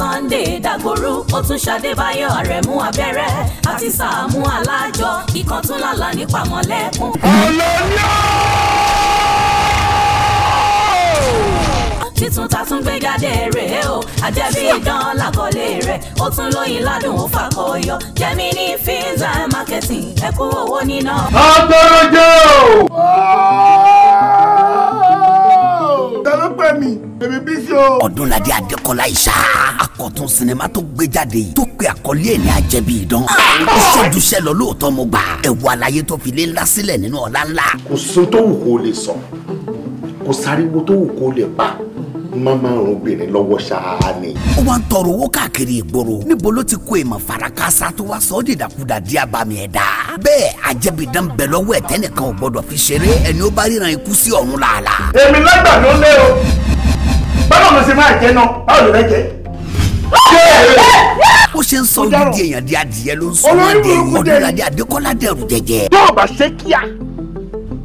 Sunday Dagboru ó tún ṣàdébáyọ̀ Àrẹ̀mú abẹ́rẹ́ àti Sàámú alájọ ikọ̀ tún lálá nípa mọ́lẹ́kùn. ọlọ́yà. tuntun ta tún gbé jáde rèé o àjẹbí idán làkọlé rẹ̀ ó tún lóyin ládùn ó fàkọyọ Gemini films and marketing ẹ kú owó níná. àtọ́jọ́. ta ló pè mí bèbí bísí o. ọdúnladé adékọlá ìṣá akọ̀tún sinimá tó gbé jáde yìí tó pe àkọlé ẹ̀ ní àjẹbí idán. Ah! ìṣèjúṣe lọ lóòótọ́ mo gbà ẹ̀wọ̀ àlàyé tó fi lé ńlá sílẹ̀ nínú ọ̀la ńlá. kò sun tó wù kó lè sọ kò sáriwo tó wù kó lè pa má márùn obìnrin lọ́wọ́ ṣáá ni. ó wá ń tọrọ owó káàkiri ìgboro níbo ló ti kó ìmọ̀ farakasa tó wá sọ ọ́ dìdàkudà di abàmì ẹ̀dá. bẹ́ẹ̀ ajẹ́bìdán bẹ lọ́wọ́ ẹ̀ tẹ́nìkan ò gbọ́dọ̀ fi ṣeré ẹni ó bá ríran ikú sí ọ̀run làálà. èmi lágbà ló lé o báwo ló ṣe máa jẹ náà báwo ló fẹ́ jẹ. ó ṣe ń sọ olùdí èèyàn di adìyẹ ló ń sọ ọmọdé ọdúnladé adékọ́lá dẹrù jẹjẹ. tó o bá ṣe kíá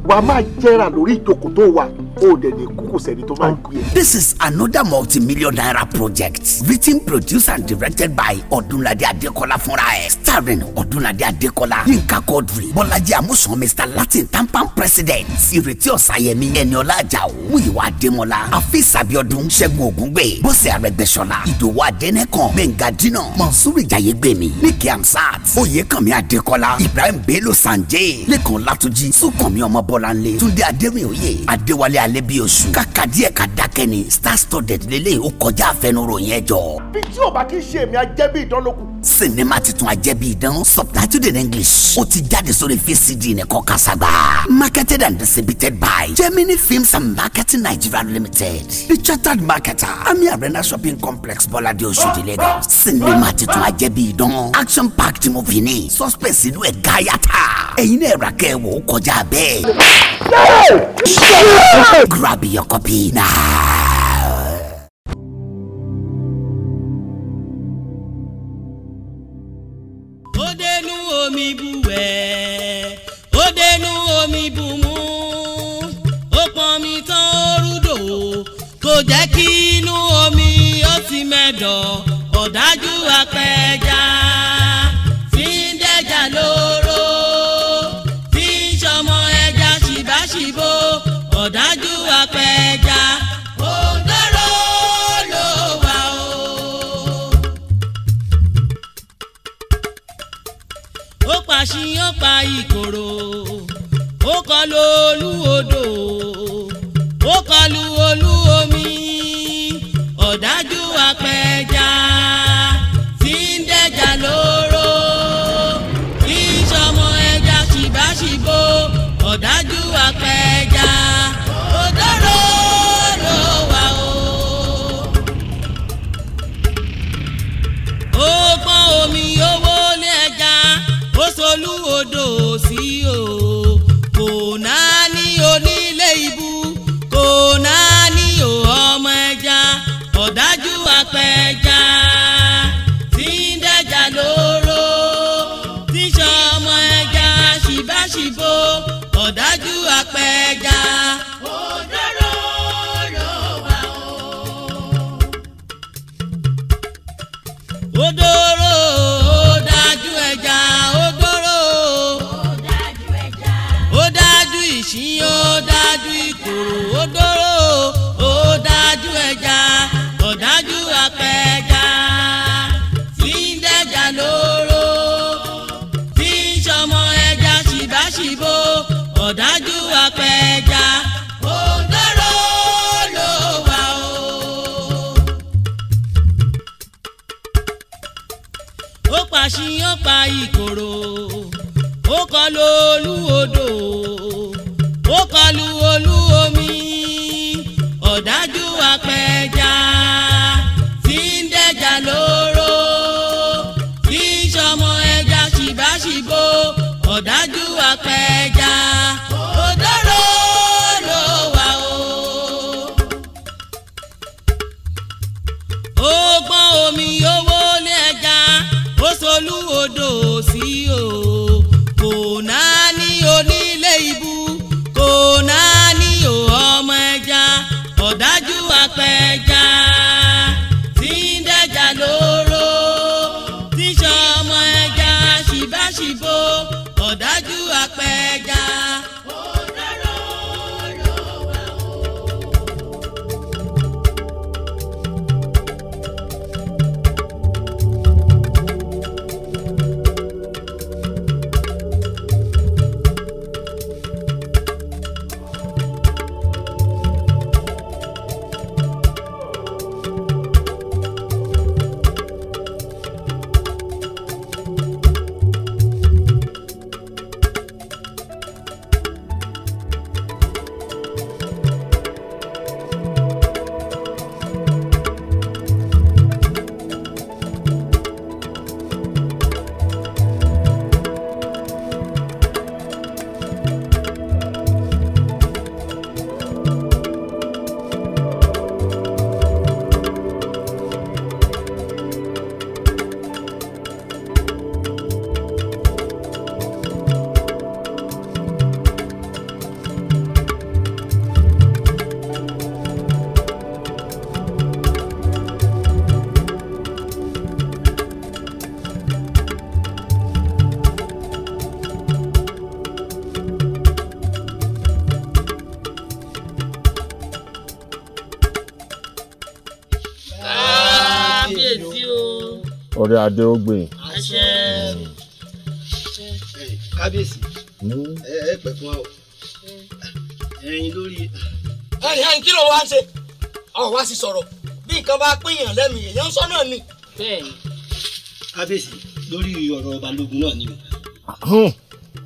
wàá máa jẹrà lórí ìjókòó tó wà ó dẹ̀ ní kókò sẹ́ni tó máa gbé This is another multi-million naira project written produced and directed by Ọdúnladé Adékọ́lá fúnra ẹ̀ starring Ọdúnladé Adékọ́lá Yínká Quadri Bọ́lájí Amúsàn Mr. Latin tampan president Ìrètí Ọ̀sáyẹmí Ẹniọlá Àjàó Múyìwá Adémọlá Afis Abiodun Ṣẹ́gun Ògúngbè Bọ́sẹ̀ Arẹ́gbẹ́ṣọlá Ìdòwú Adẹ́nẹ́kàn Gbẹ̀ngà Dínà Mọ̀nsúrù Ìjàyégbèmí Níkẹ́ Amsat Oyèkànmí Adékọ́lá Ibrahim Bello Sanjay Lẹ́kàn Látúnjí Súnkànmí Ọmọbọ́láńlé Túndé Adémíòye Adéwálé alẹ́ bíi oṣù kàkà díẹ̀ ká dákẹ́ ni star studded lélẹ́yìí ó kọjá àfẹnuròyìn ẹjọ́. bí tí o bá kí ṣe èmi ajẹ́bí ìdánlókù. sinimá titun ajẹ́bí ìdán subtitled in english ó ti jáde sórí vcd nìkan kásàgbà marketed and distributed by germany films and marketing nigeria limited the chartered marketer ami arena shopping complex bọ́ládé oṣòdì lagos sinimá titun ajẹ́bí ìdán action packed movie ni suspense inú ẹ̀ gáyàtà ẹ̀yin náà rà kẹ́ ẹ̀ wò ó kọjá bẹ́ẹ̀. Grab your copy now. ó kọ́ lólu odò. orí adé ó gbé. kábíyèsí hmm. ẹ pẹ fún ọ ẹyin lórí. ẹyin ẹyin kí ló wá ṣe ọ wá sí sọ̀rọ̀ bí nǹkan bá pínyàn lẹ́mìí èèyàn sọ náà ni. bẹ́ẹ̀ni. kábíyèsí lórí ọ̀rọ̀ balógun náà ni hmm.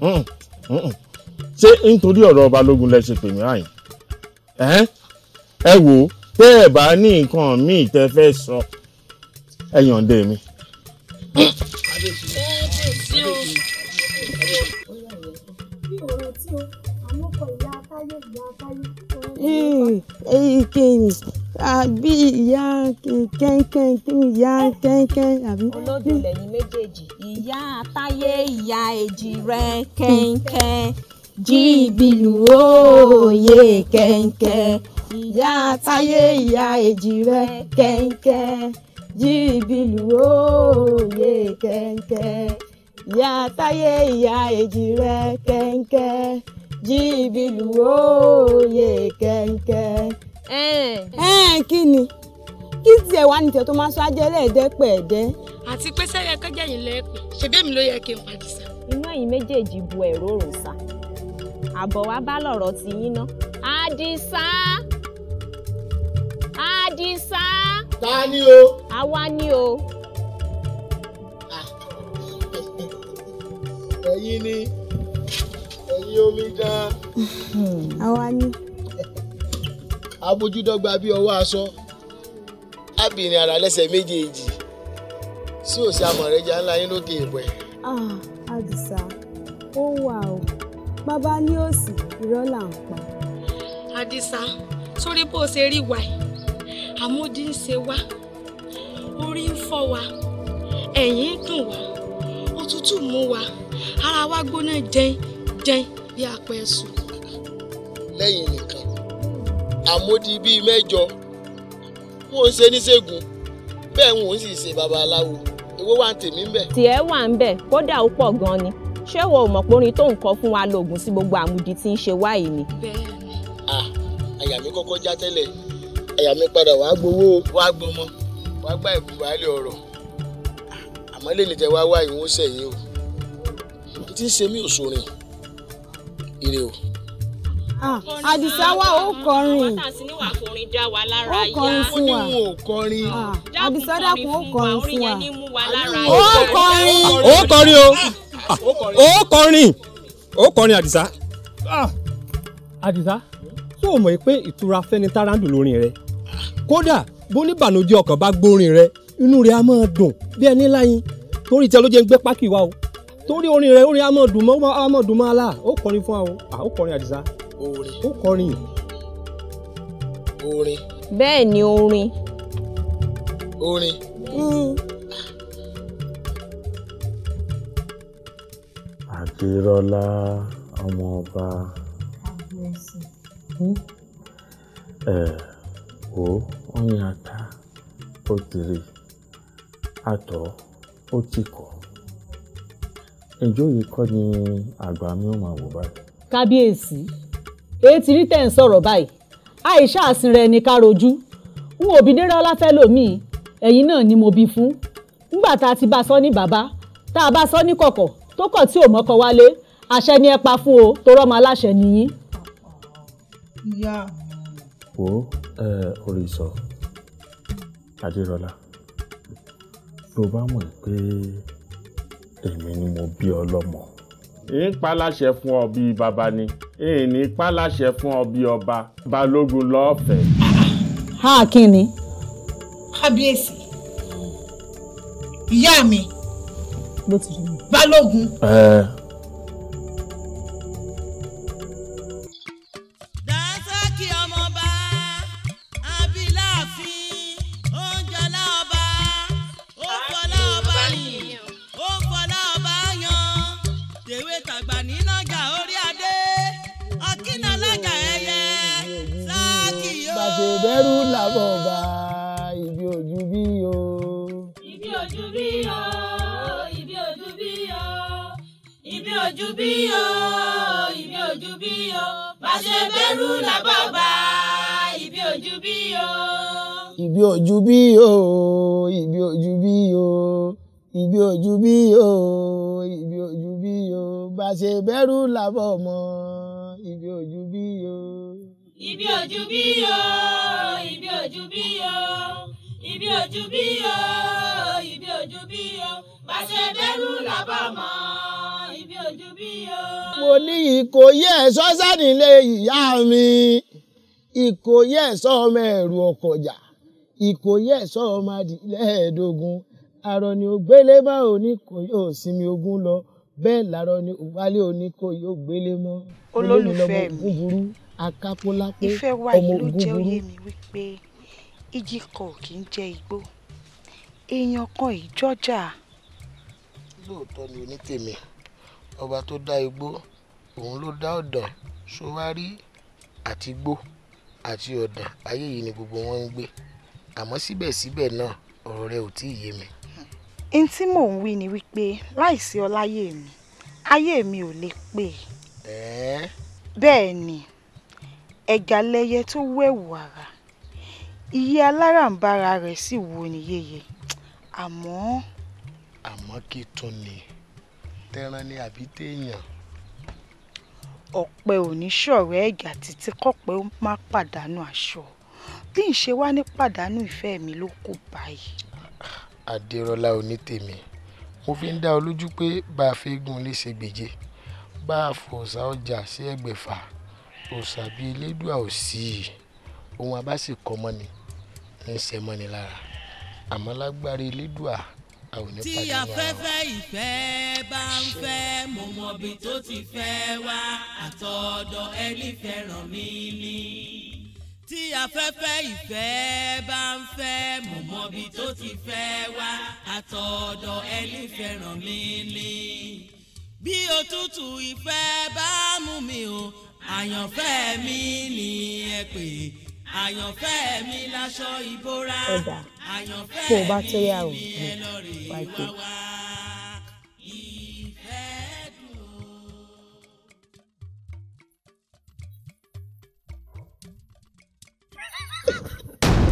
Hmm. ṣé nítorí ọ̀rọ̀ balógun lẹ ṣe pè mí àyìn ẹ wò ó ẹ bá ní nǹkan míì tẹ́ fẹ́ sọ ẹ yọ̀ǹde mi kábíyèsí o. kìnì àbí ìyá kẹ́ńkẹ́ń kìnì ìyá kẹ́ńkẹ́ń àbí. olódò lẹ́yìn méjèèjì ìyá táyé ìyá èjì rẹ̀ kẹ́ńkẹ́ń jí ìbìlù òòyè ìyá táyé ìyá èjì rẹ̀ kẹ́ńkẹ́ń jíbìlù òòyè kẹ̀ǹkẹ̀ ìyá táyé ìyá èjì rẹ kẹ̀ǹkẹ̀ jíbìlù òòyè kẹ̀ǹkẹ̀. ẹ ẹ kí ni kí tiẹ̀ wá ní tiẹ̀ tó máa sọ ajẹ́lẹ̀ ẹ̀dẹ́pẹ̀ẹ́dẹ́. àti pé sẹ́yẹ kọjá yìí lẹ́ẹ̀pẹ́ ṣèbémi ló yẹ kí n pàdé sá. inú ẹ̀yin méjèèjì bu ẹ̀rọ òrùn sá àbọ̀ wá bá lọ̀rọ̀ ti yín ná. àdìsá àdìsá. ta ni o. àwa ni o. Ah. ẹ̀yin ni ẹ̀yin omidan. àwa ni. abojúdọ́gba bí ọwọ́ aṣọ abìnrin ara lẹ́sẹ̀ méjèèjì sí òsì amọ̀rẹ́jà ńlá yín lókè ìwẹ̀. Ah, àdìsá ó wà o bàbá ní òsì irọ́ là ń pa. àdìsá sórí bó o ṣe rí wàá àmúdí ń ṣe wá orí ń fọ́ wa ẹ̀yìn ń dùn wá òtútù mú wa ara wa gbóná jẹin jẹin bí apẹ sùn. lẹ́yìn nìkan àmúdí bíi mẹ́jọ wọ́n ń ṣe níṣègùn bẹ́ẹ̀ wọ́n sì ṣe babaláwo owó wà tèmi ń bẹ. tiẹ̀ wà ń bẹ kódà ó pọ̀ gan-an ni ṣé wo mọ̀ pé orin tó ń kọ fún wa lóògùn sí gbogbo àmúdi tí ń ṣe wáyé ni. bẹ́ẹ̀ ni àyà mi kọ́kọ́ já tẹ́lẹ̀ àyà mi padà wàá gbowó wàá gbọmọ wàá gbà ìbú baálé ọ̀rọ̀ àmọ́ lè nìjẹ́ wá wá ìwọ̀n sẹ̀yìn o n ti ṣe mí òṣòrìn ire o. àdìsá wa ó kọrin ó kọrin fún wa ó kọrin àdìsá dákun ó kọrin fún wa ó kọrin ó kọrin o ah, ó kọrin ó kọrin àdìsá. Ah, àdìsá tó o mọ̀ pé ìtura fẹ́ni tárándù lórin rẹ̀ kódà bó ní bànújẹ́ ọkàn bá gbórin rẹ inú rẹ á máa dùn bí ẹni láyìn torí tí ẹ ló jẹ́ ń gbé pákí wa o torí orin rẹ orin á máa dùn mọ́ á máa dùn mọ́ àlá ó kọrin fún wa o ó kọrin àdìsá ó kọrin. orin. bẹ́ẹ̀ ni orin. orin. àdìrọ́lá hmm. ọmọ ẹ wò ó ọyàn ata ó ti rí àtọ̀ ó ti kọ̀ ìjọ yìí kọ́ ni àgbà mi ò máa wò báyìí. kábíyèsí ètí ní tẹ̀ ń sọ̀rọ̀ báyìí àìsà àsìnrẹ̀ ni ká rojú n ò bí dérẹ́ ọláfẹ́ lòmíì ẹ̀yìn náà ni mo bí fún nígbà tá a ti bá a sọ ní bàbá tá a bá a sọ ní kọ̀kọ̀ tó kọ̀ tí ò mọ́kọ wálé àṣẹ ni ẹ pa fún o tó rọ́mọ aláṣẹ nìyí. ìyá mi wò ó Oríṣọ̀ Adérọlá, tó bá mọ̀ pé èmi ni mo bí ọ lọ́mọ. ń paláṣẹ fún ọ bíi bàbá ni ìní paláṣẹ fún ọ bíi ọba balógun lọ́ọ̀fẹ́. ha kí ni. kábíyèsí ìyá mi balógun. ẹẹ. ojú bí o ìbí ojú bí o má ṣe bẹ̀rù làbàbà ìbí ojú bí o. ìbí ojú bí o ìbí ojú bí o ìbí ojú bí o ìbí ojú bí o bá ṣe bẹ̀rù làbọ̀ mọ́ ìbí ojú bí o. ìbí ojú bí o ìbí ojú bí o ìbí ojú bí o ìbí ojú bí o bá ṣe bẹ̀rù làbọ̀ mọ́ mo ní ìkòyí ẹ̀sọ́ sánilé ìyá mi ìkòyí ẹ̀sọ́ ọmọ ẹ̀rù ọ̀kọ̀jà ìkòyí ẹ̀sọ́ ọmọ adìlẹ́ẹ̀ẹ́dógún àrọ̀ ni ògbélé bá òní kò yóò sinmi ogún lọ bẹ́ẹ̀ làrọ̀ ni òwálé òní kò yóò gbélé mọ́ olólùfẹ́ mi akápólápó ọmọ ogun burú ìjì kò kì í jẹ igbó èèyàn kan ìjọjà. lóòótọ́ ni onítèmi ọba tó dá igbó òun ló dá ọ̀dàn ṣówárì àtigbó àti ọ̀dàn ayé yìí ni gbogbo wọn ń gbé àmọ́ síbẹ̀síbẹ̀ náà ọ̀rọ̀ rẹ ò tí ì yé mi. n tí mò ń wí ni wípé láìsí ọláyé mi ayé mi ò lè pè é. bẹ́ẹ̀ ni ẹ̀gà lẹyẹ tó wẹ̀wù ara iye aláràǹbarà rẹ̀ sì wù ní yeye àmọ́. àmọ́ kí tún ni tẹran ni àbí téèyàn. ọ̀pẹ ò ní ṣọ̀rẹ́ ẹ̀gà títí kọ́pẹ́ ó má pàdánù aṣọ bí n ṣe wá ní pàdánù ìfẹ́ mi ló kù báyìí. adérọlá onítèmi mo fi ń dá ọ lójú pé bá a fẹ́ gun lè ṣe gbèje bá a fòòsà ọjà sí ẹgbẹ̀fà òòsà bíi elédùà ò sí i ohun abá sì kọ́ mọ́ni ń ṣe mọ́ni lára àmọ́ lágbára elédùà tí afẹ́fẹ́ ìfẹ́ bá ń fẹ́ mo mọ̀ bí tó ti fẹ́ wá àtọ̀dọ̀ ẹni fẹ́ràn mi ni. tí afẹ́fẹ́ ìfẹ́ bá ń fẹ́ mo mọ̀ bí tó ti fẹ́ wá àtọ̀dọ̀ ẹni fẹ́ràn mi ni. bí òtútù ìfẹ́ bá mú mi o àyànfẹ́ mi ni ẹ pè é àyànfẹ́ mi láṣọ ìbora àyànfẹ́ mi bá tó yà ó wá pé.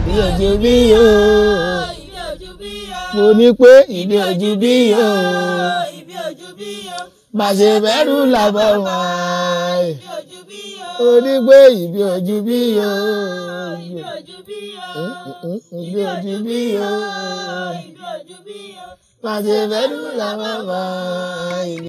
ilé ojú bí o mo ní pé ilé ojú bí o má ṣe bẹ̀rù làbọ̀ wá onígbé ìbí ojú bí o ìbí ojú bí o ìbí ojú bí o pàṣẹ fẹ́ẹ́ dùn làwọn bá ìbí.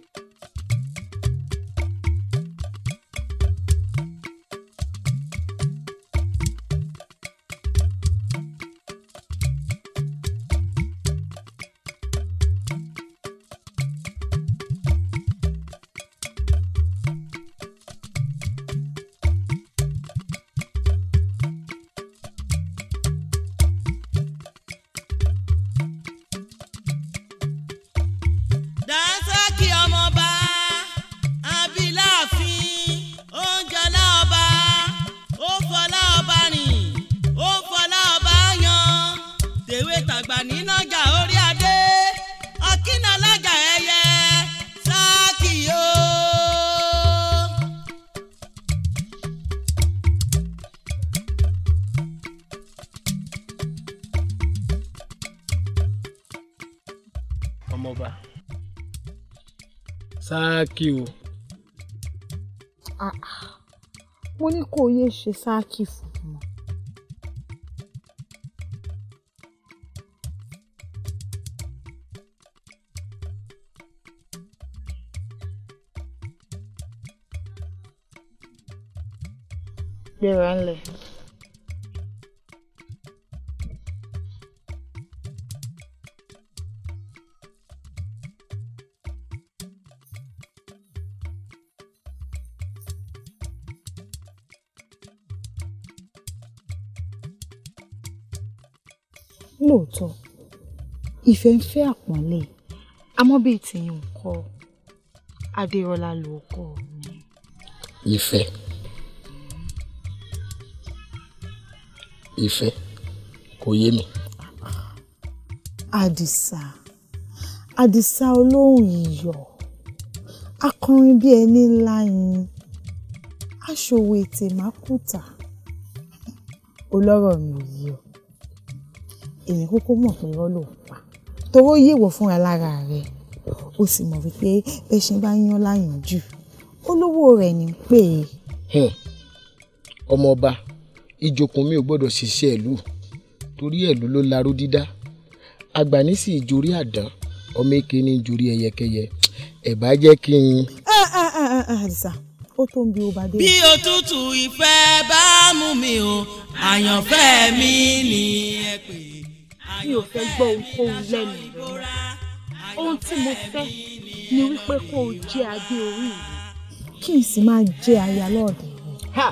sáàkì o. Ah, ah. mo ní kó o yéé ṣe sáàkì fún wọn. gbéra ńlẹ̀. ìfẹ́ ń fẹ́ àpọ́nlé àmọ́ bíi tìyìn kọ́ adéọlá ló kọ́ mi. ìfẹ́ ìfẹ́ kò yé mi. àdìsá àdìsá olóhùn iyọ̀ akọrin bíi ẹni ńlá yin aṣòwò ètè mákùtà olọ́rọ̀ mi ò yí ọ èmi kúkú mọ̀ pé wọ́n lò pa torí ó yèwọ̀ fúnra lára rẹ̀ ó sì mọ̀ wípé bẹ́ ṣe bá yán láyàn jù olówó rẹ̀ ní pé. ọmọọba ìjòkùn mi ò gbọ́dọ̀ ṣiṣẹ́ ìlú torí ẹ̀lú ló larú dídá àgbà sì ìjórí àdán ọmọ èké ní ìjórí ẹyẹkẹyẹ ẹ bá jẹ́ kí n. ó tó ń bi ó dé. bí òtútù ìfẹ́ bá mú mi o àyànfẹ́ mi ni ẹ pè é mi ò fẹ́ gbọ́ ohunkóhun lẹ́nu rẹ̀ ohun tí mo fẹ́ ni wípé kó o jẹ́ adé orí mi kí n sì máa jẹ́ aya lọ́ọ̀dẹ̀ rẹ̀.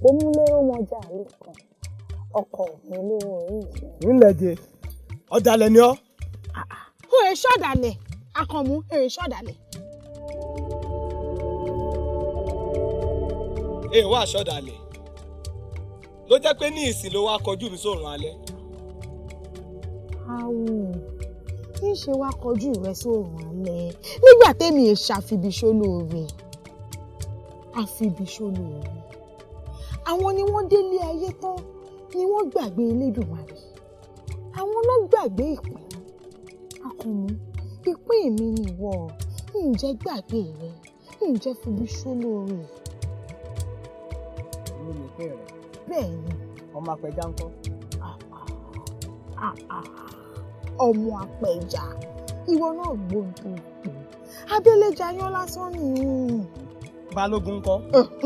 òpómúlérò mọjà àlè kan ọkọ mi ló wọ orí ìṣẹ́. nílẹ̀ jẹ ọ̀dàlẹ̀ ni ọ́. kò ẹ ṣọ̀dàlẹ̀ akànmú èrè ṣọ̀dàlẹ̀. èè wá ṣọ̀dàlẹ̀ ló jẹ́ pé ní ìsìn ló wá kọjú mi sóòrùn alẹ́. àwọ̀ kí ṣe wá kọjú rẹ sóòrùn alẹ́ nígbà tẹ́mi ẹ̀ ṣàfibìṣó lóore àfibìṣó lóore àwọn ni wọ́n délé ayé tán ni wọ́n gbàgbé Elédùmarè àwọn náà gbàgbé ìpín akọ̀mú ìpín mi ni ìwọ ǹjẹ́ gbàgbé rẹ ǹjẹ́ fojú sólóore. èmi ni ìpín rẹ. bẹ́ẹ̀ ni. ọmọ apẹja ń kọ́. ọmọ apẹja ìwọ náà gbóǹdó ìpè abẹ́lẹ́jà yán lásán ni. balógun ń kọ́.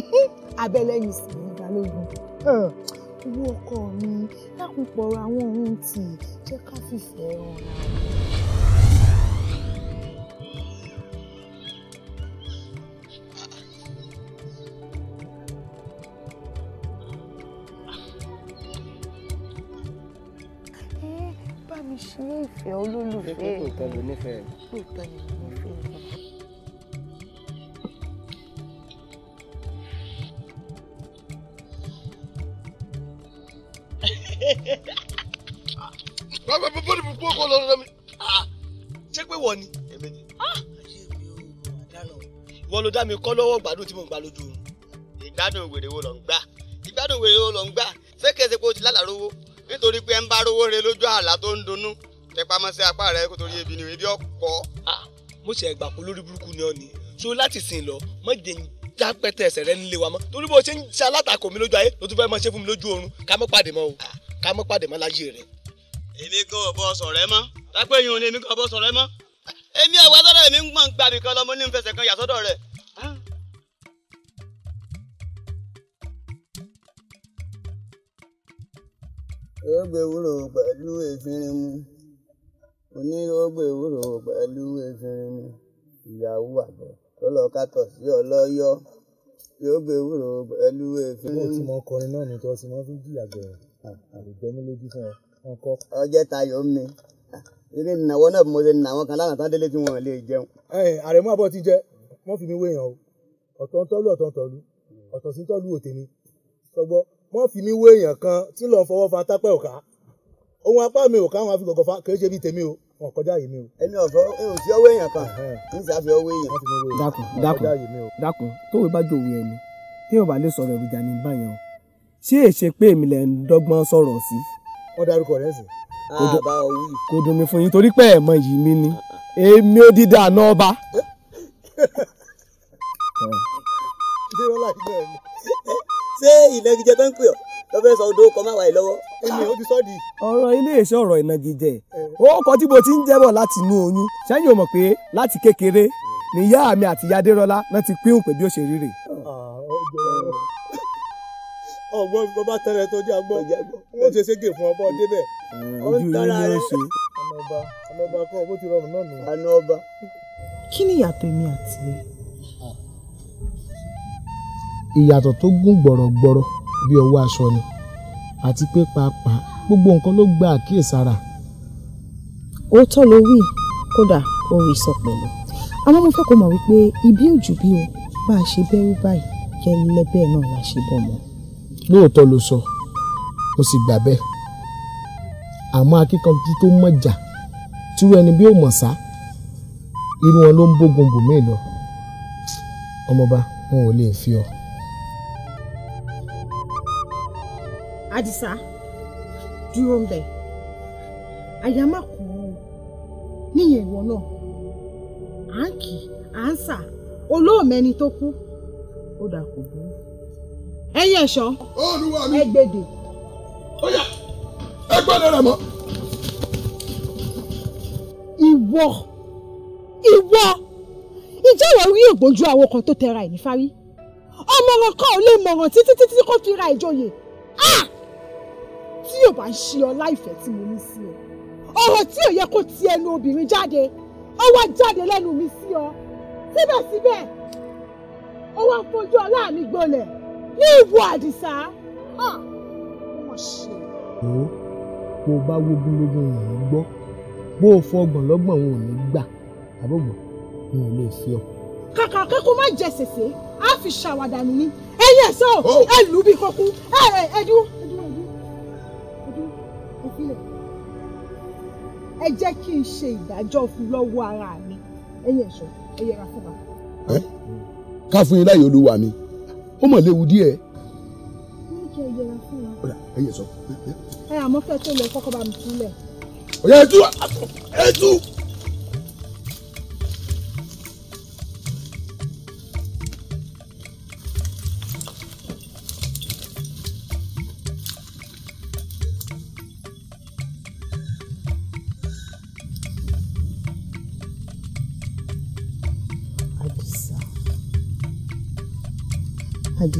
abẹ́lẹ́yìn sí i balógun owó ọkọ mi lákùn pọ̀rọ̀ àwọn ohun tì jẹ́ ká fìfẹ́ hàn án. bá mi ṣe ìfẹ́ olólùfẹ́. ṣé kò tọ́ ló nífẹ̀ẹ́? kò tọ́ ló nífẹ̀ẹ́. kọ́ ló dá mi kọ́ lọ́wọ́ gbádùn tí mo gbà lójú oorun. ìgbádùn wèrè wo lọ ń gbà ìgbádùn wèrè wo ń gbà ṣé kèsè o ti lálàá rówó nítorí pé ẹ ń bá rówó re lójú àlá tó ń dunnú tẹpamọ́ sí apá rẹ kó torí ebi ni ebi ọ̀pọ̀. mo ṣe ẹgbà pọ̀ lórí burúkú ni ọ ni so láti sìn lọ mọ jẹ ń já pẹtẹ ẹsẹ̀ rẹ nílé wa mọ́ torí bó ṣe ń ṣe alátakò mi lójú ayé ló tún fẹ́ mọ ṣe fún mi lójú oorun ká mọ́ pàdé mọ́ o ká mọ́ pàdé mọ́ láyé rẹ. èmi kan ò bọ sọ̀rọ̀ ẹ mọ́ lápẹ́ yìí ò ní èmi kan ò bọ sọ̀rọ̀ ẹ mọ́ èmi ọ̀wá sọ́dọ̀ èmi ń gbọ̀n gbàbí kan lọ́mọ ní ìfẹsẹ̀ yà sọ́dọ̀ rẹ̀ yóò gbé ewúro pẹ̀lú efinrin mu. Oní yóò gbé ewúro pẹ̀lú efinrin mu. Ìyàwó àgbẹ̀ tó lọ kátọ̀ sí ọlọ́yọ́ yóò gbé ewúro pẹ̀lú efinrin mu. Mo ti mọ ọkùnrin náà ní tí wọ́n ti máa fi jí àgbẹ̀ àlùjẹ́ mi lójú fún ọ kọ́. Ọjẹ́ tayọ̀ mi. Ilé ìnáwó náà mo ṣe nà wọn kan lánàá tán délé tí wọn lè jẹun. Ẹ àrẹ̀mú àbọ̀ ti jẹ, wọ́n fi mi wéyàn o. Ọ̀tọ̀ ń tọ́lú ọ̀tọ̀ ń tọ́lú, ọ̀tọ̀ sí ń tọ́lú òtèmi. Sọgbọ́n wọ́n fi mí wé èèyàn kan tí lọ́n fọwọ́ fa tápẹ́ òká ohun apá mi ò káwọn afikọ̀kọ̀ fa kì í ṣe bí tèmi o wọn kọjá yìí mi o. ẹni ọ̀fọ́ ò tí ọwọ́ èèyàn kan ń sì àfi ọwọ́ èèyàn. dákun dákun dákun tówe bá jòwó ẹni tí yóò bá lè sọ̀rọ̀ èròjà ní báyẹn o ṣé èṣe pé èmi lẹ̀ ń dọ́gbọ́n sọ̀rọ̀ sí. wọ́n darúkọ rẹ̀ sí. kò dùn mí fún yín torí pé ẹ̀mọ yìí mi ni èmi ò dídà náà bá. ṣé wọ́n láti bẹ́ẹ̀ ni ṣé ìnagijẹ tó ń pè ọ́ lọ fẹ́ sọ odò kọ́ máa wà yìí lọ́wọ́. èmi ò ti sọ di. ọ̀rọ̀ ilé ọ̀rọ̀ ìnagijẹ orúkọ tí mo ti ń jẹ́bọ̀ láti inú oyún sẹ́yìn ò mọ̀ pé láti kékeré ni ìyá mi àti ìyá Adérọlá náà ti pín òpè bí ó ṣe ríre. Ah, ọgbọ́n mi bàbá tẹ̀lé tó jẹ́ agbọ́n ó ṣe ségè fún ọbọ̀ débẹ̀. ojú yín ni ó ṣe. ọmọ ọba ọmọ ọba kọ́ bó ti rọrùn náà nù. kí ni ìyàtọ̀ èmi àti ẹ̀ ìyàtọ̀ tó gùn gbọ̀rọ̀gbọ̀rọ̀ bí ọwọ́ aṣọ ni àti pé pàápàá gbogbo nǹkan ló gba àkíyèsára. òótọ́ ló wí kódà ó rí sọ pẹ̀lú àwọn ọmọ fẹ́ kó mọ̀ wípé ibi òjò bí o bá a ṣe bẹ́rù báyìí gẹ́lẹ́ bẹ́ẹ̀ náà la ṣe bọ̀ mọ́. lóòótọ́ ló sọ mo sì gbà bẹ́ẹ̀ àmọ́ akíkanjú tó mọ̀jà tírú ẹni bí ó mọ̀ sá irú wọn ló ń bógun bòmíì lọ ọmọọba wọn ò lè fi ọ. Àdìsá dúró ń bẹ̀ àyà má kú níyẹn ìwọ náà à ń kì à ń sà olóòmẹni tó kú ó dà kò bú ẹ̀yin ẹ̀ṣọ́ ẹgbẹdẹ. ó yá ẹ gbọ́dọ̀ rẹ̀ mọ́. ìwọ ìwọ ǹjẹ́ ìwọ rí ògbójú àwo kan tó tẹra ẹ̀ nífárí ọmọ ọ̀rọ̀ kan ò lè mọ̀ràn títí títí kó fi ra ìjòyè. Ah! tí yóò bá ń ṣe ọlá ìfẹ́ tí mo ní sí ọ ọ̀rọ̀ tí ò yẹ kó ti ẹnu obìnrin jáde ó wá jáde lẹ́nu mi sí ọ síbẹ̀síbẹ̀ ó wá fojú ọlá mi gbolẹ̀ ní ìwọ àdìsá ó bó o bá wógún lógún wọn ní gbọ́ bó o fọgbọ̀n lọ́gbọ̀n wọn ò ní gbà àbọ̀gbọ̀n wọn ò lè fi ọ. kàkà kẹ́kọ̀ọ́ má jẹ sèse á fi ṣàwàdà nìyí ẹ̀yin ẹ̀sọ́ ẹ̀ lù bí kọ́kú ẹ̀ ẹ̀dú ẹ jẹ́ kí n ṣe ìdájọ́ fún lọ́wọ́ ara mi ẹ̀yin ẹ̀ṣọ́ ẹ yẹra fún wa. ká fún yín láyè olúwa mi ó mọ̀ léwu díẹ̀. ní kí ẹ yẹra ẹ̀ṣọ́. ẹ àmọ́ tó lọ kọ́kọ́ bá mi túlẹ̀. ọ̀yà ẹ̀tú ẹ̀tú.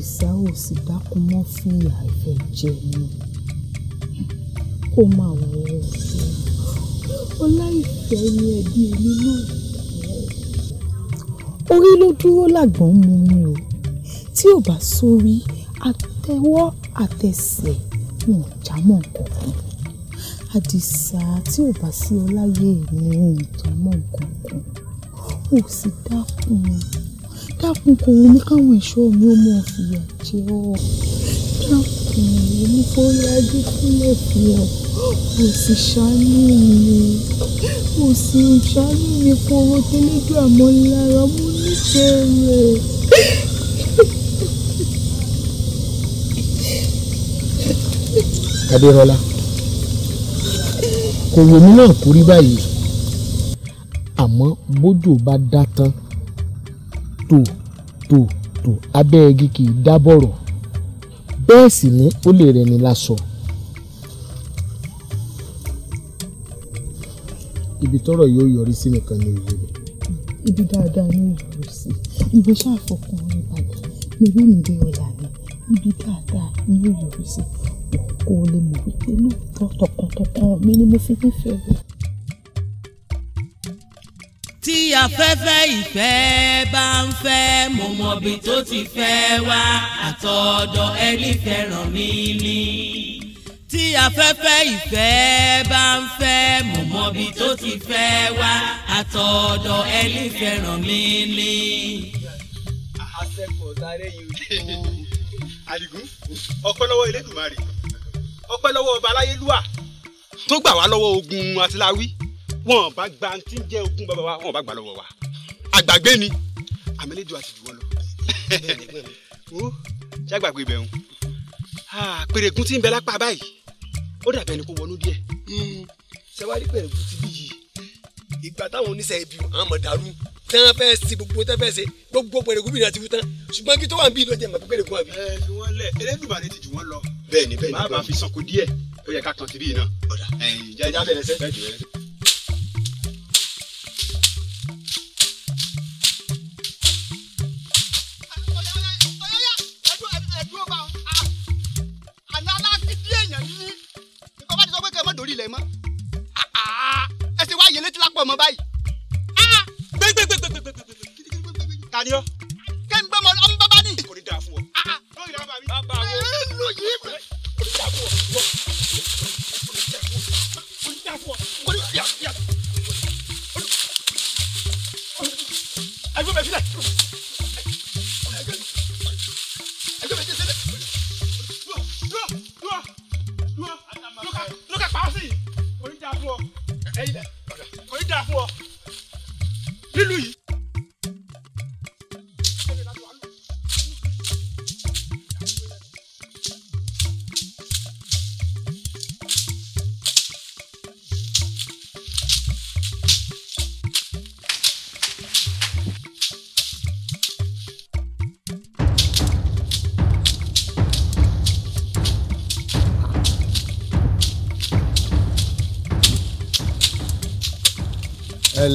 ìsáò sì dákun mọ́ fìyà ìfẹ́ jẹ ni kó máa wọ ọ fún ọláìfẹ́ ni ẹbí èmi náà. orí ló dúró làgbọ́n mu ni o tí ò bá sórí àtẹwọ́ àtẹsẹ̀ wọn ò já mọ́ nǹkan àdìsá tí ò bá sí ọláyé mi ò tó mọ́ nǹkan kan ò sì dákun mi dákun kò wọ́n mú káwọn ẹ̀ṣọ́ mi ó mọ̀ fìyà jẹ ọ́ dákun èmi forí adé sílẹ̀ fún ọ kò sì ṣàánú mi kò sì ṣàánú mi fún ọ̀rọ̀ tẹ́lẹ́dọ̀ àmọ́ lára mo nífẹ̀ẹ́ rẹ̀. Adérọlá kò wò mí náà kórí báyìí àmọ́ bójú bá dá tán tò tò tò abẹ́ igi kì í dábọ̀rọ̀ bẹ́ẹ̀ sì ni ó lè rẹ̀ ní láṣọ. ibi tọ́rọ̀ yóò yọrí sí nìkan ni òye rẹ̀. ibi dáadáa ni yóò yọrí sí ìwé ṣàfọkàn rẹ balẹ̀ lórí ìdè ọ̀la mi ibi dáadáa ni yóò yọrí sí kó o lè mọ̀ wípé lóòótọ́ tọkàntọkàn mi ni mo fi nífẹ̀ẹ́ rẹ tí afẹ́fẹ́ ìfẹ́ bá ń fẹ́ mo mọ̀bi tó ti fẹ́ wá àtọ̀dọ̀ ẹni fẹ́ràn mi ni. tí afẹ́fẹ́ ìfẹ́ bá ń fẹ́ mo mọ̀bi tó ti fẹ́ wá àtọ̀dọ̀ ẹni fẹ́ràn mi ni. àṣẹkọ̀ sáré yìí o Àdìgún ọpẹ́ lọ́wọ́ Elédùmarè ọpẹ́ lọ́wọ́ ọba aláyélúwà tó gbà wá lọ́wọ́ ogun àtìláwí wọn bá gba ti ń jẹ ogún bàbá wa wọn bá gbà lọ́wọ́ wa àgbàgbé ni àmẹlẹdùn àti jùwọ lọ wo ṣàgbàgbé ibẹ̀ ń pèrègùn tí ń bẹ lápá báyìí ó dàbẹ̀ ni kò wọnú díẹ̀ hmm. ṣẹwárí pèrègùn ti bí yìí ìgbà táwọn oníṣẹ́ ibi àwọn ọmọ dàrú tí wọ́n fẹ́ẹ́ ṣe gbogbo tẹ́ fẹ́ẹ́ ṣe gbogbo pèrègùn bí ìrántí tán ṣùgbọ́n kí tó wà ń bí ìlọjẹ mọ̀ pèrègùn àbí. ẹ fi wọn lẹ Elédùmarè ti jù wọn lọ. bẹ́ẹ̀ni bẹ́ẹ̀ni bá a bá fi sanko díẹ̀ ó yẹ ká tán tibí iná. ọ̀dà ẹ̀yìn jẹ́jẹ́ abẹ́rẹ́ sẹ́.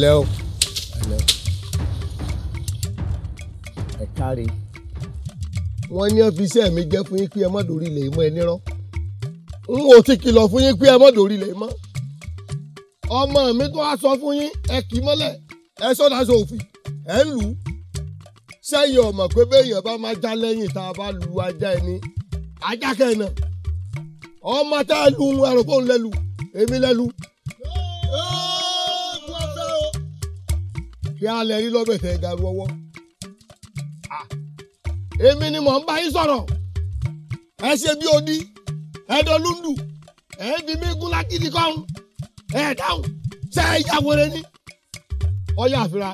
ẹ̀lẹ́ o ẹ̀lẹ́ o. ẹ káre wọ́n ní ọ́fíìsì mi jẹ́ fún yín pé ẹ má dórí ilẹ̀ mọ́ ẹ nírọ́ n ò ti kìlọ̀ fún yín pé ẹ má dórí ilẹ̀ mọ́ ọmọ mi tó wá sọ fún yín ẹ kì í mọ́lẹ̀ ẹ sọ́dà sọ òfin ẹ ń lù ú sẹ́yìn ọmọ pé béèyàn bá máa já lẹ́yìn tá a bá lu ajá ẹni ajá kẹ́ẹ̀nà ọmọ tá a lu ẹ̀rọ fóun lẹ́lu èmi lẹ́lu àbí alẹ́ rí lọ́bẹ̀ tẹ̀ dàrú ọwọ́. èmi ni mò ń bá yín sọ̀rọ̀ ẹ ṣe bí odi ẹ dọlúndù ẹ fi mí gún lákìtì kọ́hún ẹ dáhùn ṣe é ọyọ àfira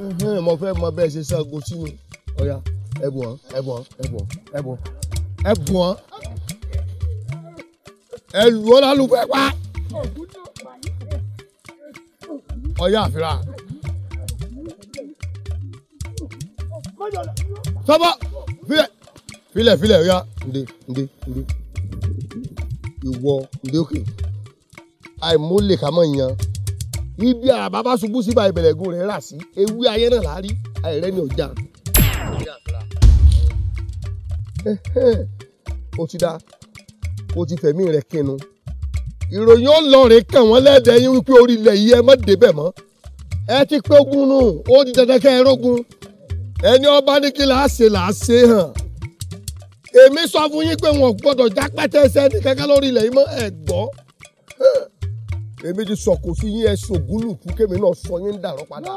yín mo fẹ́ mọ bẹ́ẹ̀ ṣe ọyá àfira. sọ́bà filẹ̀ filẹ̀ filẹ̀ ọyá ǹde ǹde ǹde ìwọ ǹde òkè àìmọ̀lẹ̀ ká mọ̀ yan ibi àràbà bá ṣubú síbi àìbẹ̀lẹ̀gùn rẹ̀ rà sí ewé ayé náà láàrí àìrẹ́ ni ọjà. ó ti da ó ti fẹ̀mí rẹ̀ kinu ìròyìn ọlọ́rin kàn wọ́n lẹ́dẹ̀ yín wípé orílẹ̀ yìí ẹ má débẹ̀ mọ́ ẹ ti pé ogun nù ó di dandan kẹ́ ẹ rógun ẹni ọba ní kí làá ṣe làá ṣe hàn èmi sọ fún yín pé wọn gbọ́dọ̀ já pẹ́tẹ́ ẹsẹ̀ ní kankan lórí ilẹ̀ yìí mọ́ ẹ gbọ́ èmi ti sọ̀kò sí yín ẹ ṣògúnlù fún kémi náà sọ yín ń dàrọ́ padà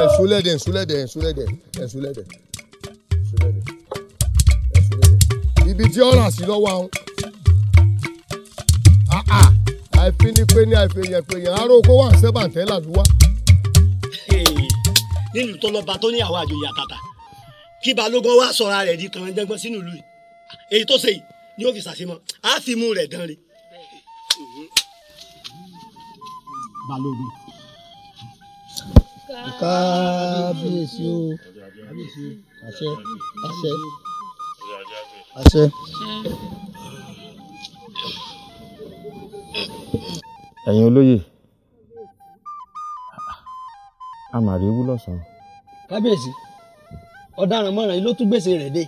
ẹ ṣúlẹ̀dẹ̀ ṣúlẹ̀dẹ̀ ṣúlẹ̀dẹ̀ ẹ ṣúlẹ̀dẹ̀ ibi tí ọ̀ràn sí lọ́wọ́ àwọn àìfinipé ni àìfèyànpèyàn aró kó wà sẹ́bàǹtẹ́ làlúwà. nílùú tó lọ́ba tó ní àwọn àjòyè àtàtà kí balógun wá sọ̀ra rẹ̀ di kàn dẹ́gbọ́n sínú ìlú yìí èyí tó ṣe yìí ni ó fi ṣàṣemọ́ á fi mú rẹ̀ dán re. balógun. kábíyèsí o àṣẹ àṣẹ àṣẹ ẹ̀yin olóyè amàrí ewu lọ́sàn-án. kábíyèsí ọ̀daràn mọ́ràn yìí ló tún gbèsè rẹ̀ dé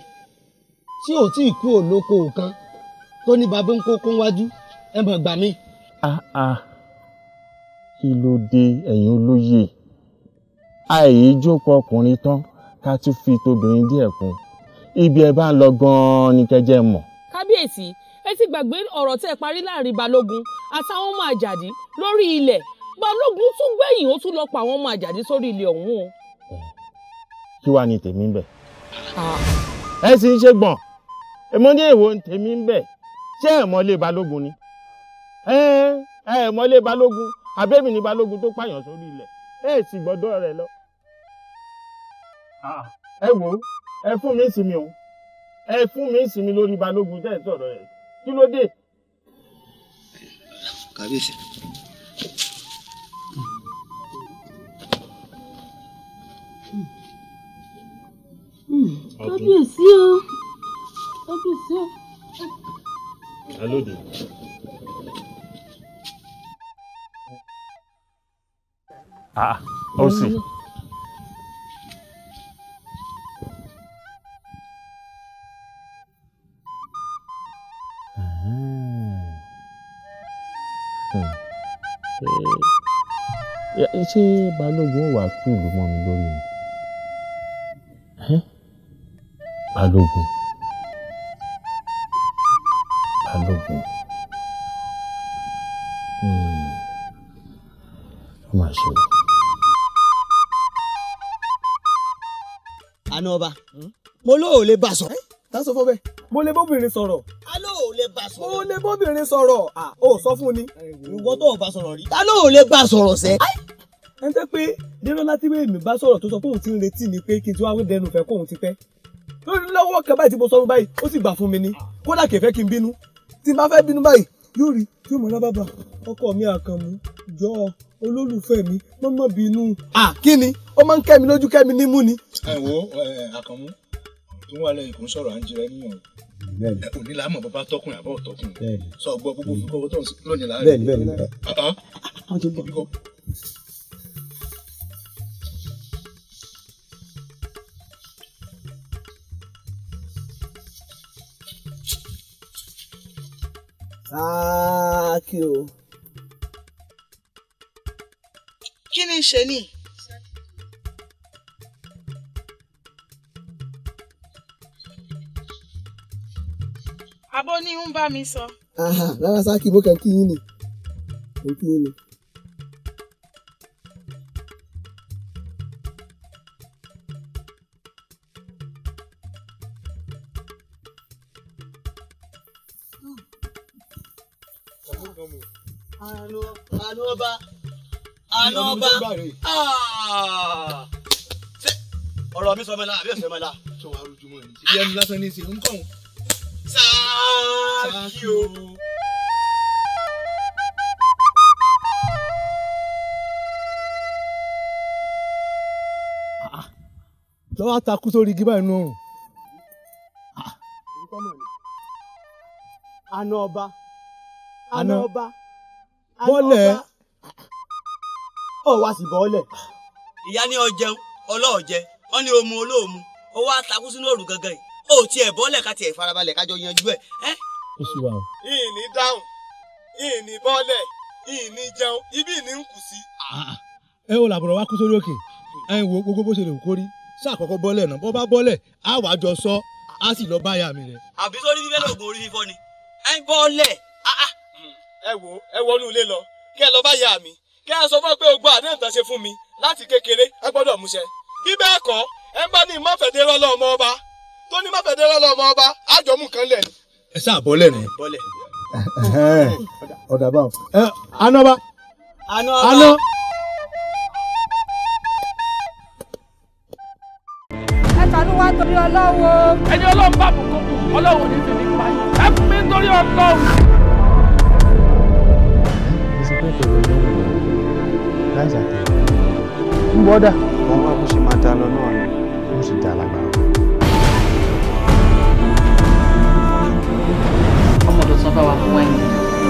tí ò tí ì kú olóko kan tó ní babá ń kókó wájú ẹ mọ̀ gbà mí. Ah, ah. kí ló dé ẹ̀yin olóyè àìyí jókòó ọkùnrin tán ká tún fi tóbìnrin díẹ̀ kún ibi ẹ bá ń lọ gan-an ni kẹjẹ mọ̀. kábíyèsí ẹ ti gbàgbé ọ̀rọ̀ tẹ́ ẹ parí láàrin balógun àtàwọn ọmọ àjàdí lórí ilẹ̀ balógun tún gbẹ̀yìn ó tún lọ pa àwọn ọmọ àjàdí sórí ilẹ̀ ọ̀hún o. kí wàá ní tèmi ń bẹ. ẹ sì ń ṣe gbọ̀n èmọ́dé èwo ń tèmi ń bẹ ṣé ẹ̀ mọ́lé balógun ni ẹ ẹ̀ mọ́lé balógun àbẹ́mi ni balógun tó pààyàn sórí ilẹ̀ ẹ sì gbọ́dọ̀ rẹ̀ lọ. ẹ wò ó ẹ fún mi ìsinmi o ẹ fún mi ìsinmi lórí balógun tẹ́ ẹ sọ̀rọ̀ ẹ̀ kí ló dé. kábíyèsí. kábíyèsí o kábíyèsí o. alóde. ah ó sì. Mm -hmm. ṣé balógun ò wá kú ìlú mọ́ mi lórí ni balógun balógun hmm. ó mà ṣe o. àná ọba mo lóò lè bá sọ. tá a sọ fún bẹ́ẹ̀ mo lè bóbìnrin sọ̀rọ̀. a ló ò lè bá sọ̀rọ̀. mo lè bóbìnrin sọ̀rọ̀. ó sọ fún ni. ìwọ tó o bá sọ̀rọ̀ rí. ta ò lè bá sọ̀rọ̀ sẹ́ ẹni tẹ́ pé dẹ́rọ́lá tí èmi bá sọ̀rọ̀ tó sọ pé òun ti ń retí mi pé kí n ti wá dẹnu fẹ́ kóun ti pẹ́ lórí lọ́wọ́ kẹ́ báyìí tí mo sọ fún báyìí ó sì gbà fún mi ni kódà kẹ́ fẹ́ kí n bínú tí n bá fẹ́ bínú báyìí yóò rí tí mo rá bàbà ọkọ mi àkànmú jọ olólùfẹ́ mi má má bínú. à kí ni ó máa ń kẹ́ mi lójú kẹ́ mi nímú ni. ẹ wo àkànmú tó wà lẹ́yìn kò ń sọ̀rọ̀ à ń jẹ níyàn òní la mọ̀ bàbá tọkùnrin àbọ̀ tọkùnrin sọ gbọ́ gbogbo fúnkọ́ tó ń lónìí láàrin. bẹ́ẹ̀ni bẹ́ẹ̀ni. Ah, kí o. kí ni ṣe ni. àbó ni ń bá mi sọ. rárá sáà kí mo kí yín ni kí yín ni. ẹran ọba ah! ọ̀rọ̀ mi sọmọlá àbí ọ̀sẹ̀ mọ́lá. sọ wa rojúmọ́ ni ibi ẹnu lásán ní í ṣe ń kọ́ wọn. sáà sórí igi báyìí nù ọ̀rùn. àna ọba àna ọba bọ́lẹ̀ ó wá sì bọ́ ọ́lẹ̀. ìyá ní ọjẹun ọlọ́ọ̀jẹ wọn ní omu olóòmu ó wá takú sínú òrùn gangan yìí ó tiẹ̀ bọ́lẹ̀ ká tiẹ̀ farabalẹ̀ kájọ yanjú ẹ̀. ó sì wà o. ìní dáhùn ìní bọ́lẹ̀ ìní jẹun ibi ìní ń kù sí. Ah, ah, ah. ẹ wo làbọ̀rọ̀ wá kú sórí òkè ẹ wo gbogbo bó ṣe lè kórí sáà kọ́kọ́ bọ́lẹ̀ náà bọ́ bá bọ́lẹ̀ á wàá jọ sọ á sì lọ báyà mi rẹ̀. àbí sórí bíbélì ògùn orí fífọ́ ni ẹ bọ́lẹ̀. ẹ wo ẹ wọnú ilé lọ kí ẹ lọ báyà mi kí a sọ fún pé ogun àdéhùn tán ṣe fún mi láti kékeré ẹ gbọ́dọ̀ múṣẹ bí bẹ́ẹ̀ kọ́ ẹ bá ní ìmọ̀fẹ̀dé rọ́lọ́ ọmọ ọba tó ní ìmọ̀fẹ̀dé rọ́lọ́ ọmọ ọba àjọmú kan lẹ̀. ẹ sáà bọ́lẹ̀ ni. bọ́lẹ̀. ọ̀dà báwọn. anọba. anọba. anọ. ẹ ẹni ọlọ́run bá bùkún kù ọlọ́run ní fi pa ẹ fún mi nítorí ọlọ́run. ẹ ẹ ṣe fẹ́ tọrọ ọlọ́run láìsà tẹ̀. ń bọ́ dà. wọ́n wá bó ṣe máa ta lọ náà ni ó sì ta lágbára. ọmọ ọdọ sọ bá wa fún wáyé.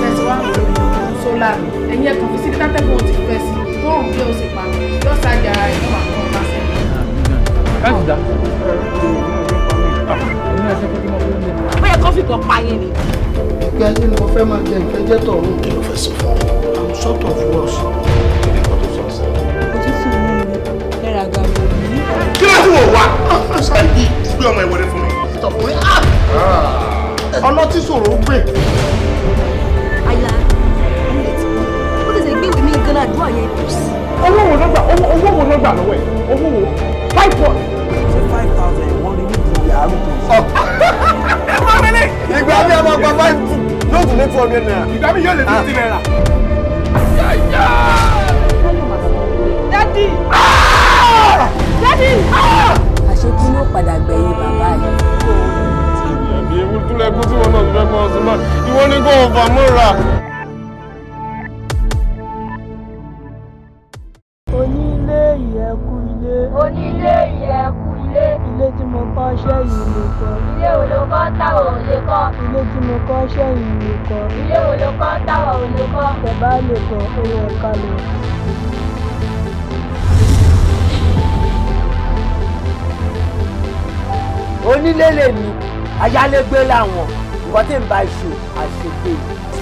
tẹ̀sí wá ń lò ó sólà ẹ̀yìn ẹ̀kan fi sí tátẹ́gùn ti fẹ́ sí tó ń gbé òsì pa lọ́sàájà ẹ̀kọ́ àkọ́kọ́ bá sẹ́yìn. káàdì dá bóyá kọ́fì kan pa yín ni. ìgbé ayé ni mo fẹ́ máa jẹ ìkẹ́jẹ́ tọ̀run. kí ló fẹ́ sọ fún mi. i'm sort of worse. ibi kan tó sọ sí. òtútù mú mi ẹ̀rọ àgbà mi ò ní. kí ló ti wò wá. ṣáàjì gbé ọmọ ìwọlé fún mi. tọkùnrin á. ọlọ́tí sòrò ó gbè. àyà ó tẹ̀sẹ̀ gbé ìwé mi gan-an àdúrà yẹn kù sí. owó wo ló gbà owó wo ló lọ́wọ́ ẹ̀ owó wo five point. five thousand àlùkò. ọmọ mẹlẹ. ìgbà mi ọmọ gba five two yóò tún lé two hundred naira. ìgbà mi yóò lè fifty naira. dadi. dadi. àṣekú ló padà gbẹ̀yìn bàbá yìí. ìyàbí ewu dúró ẹkún tí wọn náà ti fẹ́ kọ́ ọ sí máa ìwọ ni kò fà mọ́ra.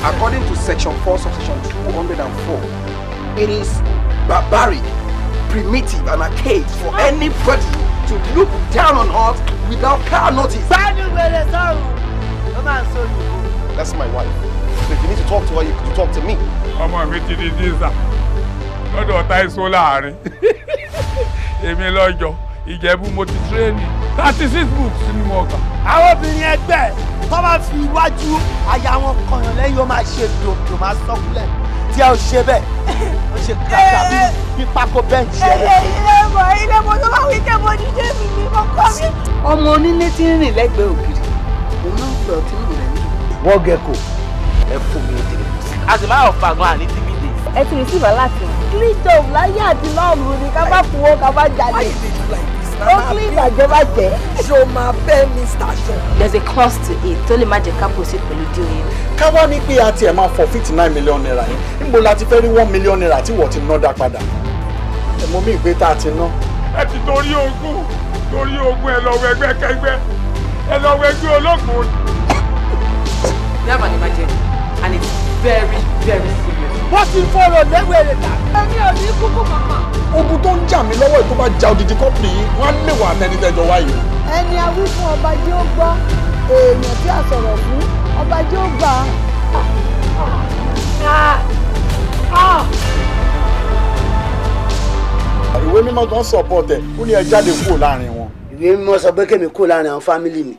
according to section 4, subsection 204, it is barbaric primitive and archaic for anybody to look down on us without prior notice. that's my wife if you need to talk to her you could talk to me. ọmọ mi ti di dísà lọ́dọ̀ ọ̀tá èso láàrin èmi lọ́jọ́ ìjẹ̀bú mo ti tírẹ́ẹ̀nì thirty six books ni mo kà àwọn obìnrin ẹgbẹ́ tó bá fi iwájú aya wọn kọyàn lẹ́yìn ó máa ṣe dòdò máa sọ́kúlẹ̀ tí ẹ ò ṣe bẹ́ẹ̀ ó ṣe kàkà bí bí pákó bẹ́ǹchì ẹ. ilé mọ̀ ilé mọ̀ tó bá wí kẹ́ mo ní dé mi ní kọ́kọ́ mi. ọmọ onílé tí ń rìn lẹ́gbẹ̀ẹ́ ògiri òun náà gbé ọtí nù rẹ̀ nínú. wọ́n gẹ̀kọ ẹ fún mi dé. a sì máa fà gan àní tí mi dé. ẹ ti rìsíìfà láti. clean job láyé àti lọ́ọ̀lù ni ká bá fowó ká bá jáde. wáyé mi jù láì struggling bàjẹ́ bàjẹ́. ṣo máa there's a cost to it tó lè má jẹ́ ká proceed pẹ̀lú deal yẹn. ká wá ní pé a tiẹ̀ máa fọ fifty nine million naira yẹn níbo la ti fẹ́ rí one million naira tí wọ́n ti ná dá padà ẹ̀ mọ́ mi ìgbé tá a ti ná. ẹ ti torí ogún torí ogún ẹ lọ́wọ́ ẹgbẹ́ kẹgbẹ́ ẹ lọ́wọ́ ẹgbẹ́ ológun. yàrá ni màá jẹ and it's very very simple wọ́n sì ń fọ̀rọ̀ lẹ́wẹ̀ẹ́ rẹ̀ ta. èmi ò ní kúkú màmá. ogun tó ń jà mí lọ́wọ́ yìí tó bá ja odidi kọ́pì yìí wọ́n á lè wà àtẹnitẹ́jọ́ wáyé. ẹni awí fún ọba jẹ́ ó gbọ́ èèyàn tí a sọ̀rọ̀ fún ọba jẹ́ ó gbà á. Ah, ah. ìwé mímọ́ gan sọ̀pọ̀ tẹ̀ ó ní ẹ jáde kúrò láàrin wọn. ìwé mímọ́ sọ pé kémi kúrò láàrin àwọn fámìlì mi.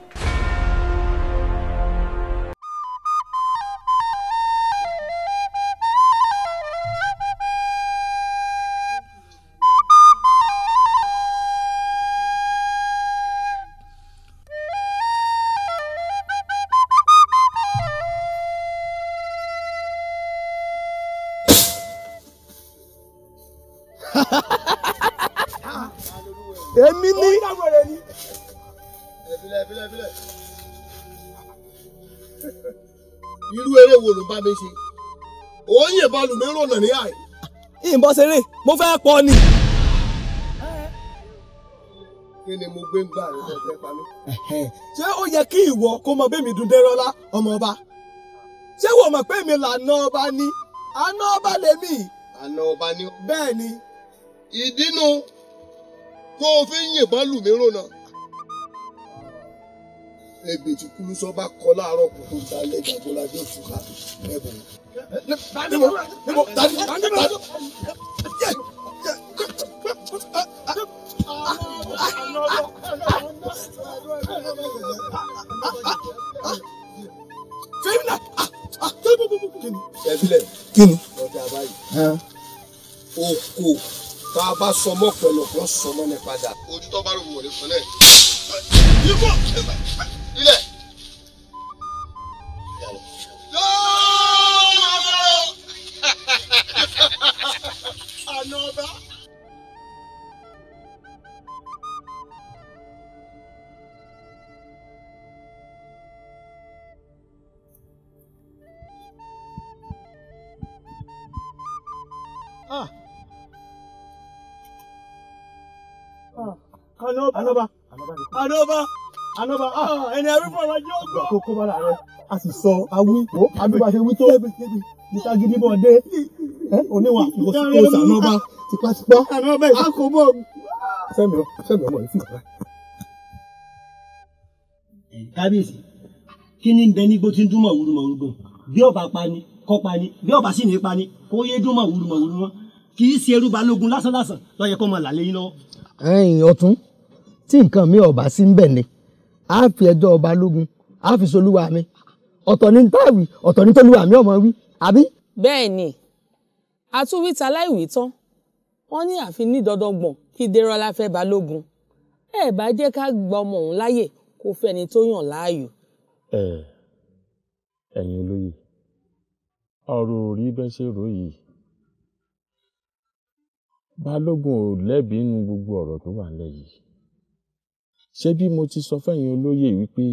abẹ́sẹ̀ ó yìnbọn lùmírò nà ní àyè. ìyìnbọn ṣeré mo fẹ́ pọ ni. kí ni mo gbé ń gbà rẹ lọ́jọ́ pa mí. ṣé ó yẹ kí ìwọ kó mọ bẹ́ẹ̀ mi dùn dẹ́rọ́lá ọmọ ọba ṣé wọ́n mọ̀ pé mi lànà ọba ni àná ọba lèmi. àná ọba ni. bẹ́ẹ̀ ni. ìdínú tó o fi ń yìnbọn lùmírò náà ẹgbẹ́ tí kúlúsọ bá kọ láàárọ̀ kùtù dalẹ̀ ìgbàgbọ́ la yóò tún ká ẹ̀bùn. níbo níbo tani tani. kíni. ọ̀dà báyìí oko tá a bá sọmọ pẹ̀lú ọ̀pọ̀ sọmọ ní padà. ojú tó bá rò wọlé fún ẹ. anọba ah, ẹni ẹrí fún ọlọjọ ọgbà. kókó bá rà rẹ a sì sọ awí abíbáṣe wí tó níta gidi bọ̀ dé oníwà ìwọ̀síkọ̀ọ̀sì anọba tipátipá. anọba ìfọkànbọ. sẹ́mi ọ sẹ́mi ọmọ yìí fún kàrá. kábíyèsí kí ni bẹ nígbó tí ń dún mọ̀wúrú mọ̀wúrú gan bí ọba pa ni kọ́ pa ni bí ọba sì ní pa ni kó yé dún mọ̀wúrú mọ̀wúrú wọn kì í ṣe ẹrú balógun lásánlásán ló yẹ kó máa là lẹ́yìn lọ́wọ́. ẹ̀yin ọ̀tún tí nǹkan mi ọba sí ń bẹ̀ ni A fi ẹjọ́ ọba lógun á fi solúwa mi ọ̀tọ̀ ní táwì ọ̀tọ̀ ní tolúwa mi ọmọ wí àbí. bẹ́ẹ̀ ni àtúwìtà láìwí tán wọ́n ní àfi ní dandan gbọ̀n kí dérọ́lá fẹ́ balógun ẹ bá jẹ́ ká gba ọmọ òun láàyè kó fẹ́ni tó yàn láàyò. ẹ ẹ̀yin olóyè ọ̀rọ̀ ò rí bẹ́ẹ̀ ṣe rò yìí balógun ò lẹ́bi nínú gbogbo ọ̀rọ̀ tó wà nílẹ̀ ṣé bí mo ti sọ fẹ́yìn olóyè wípé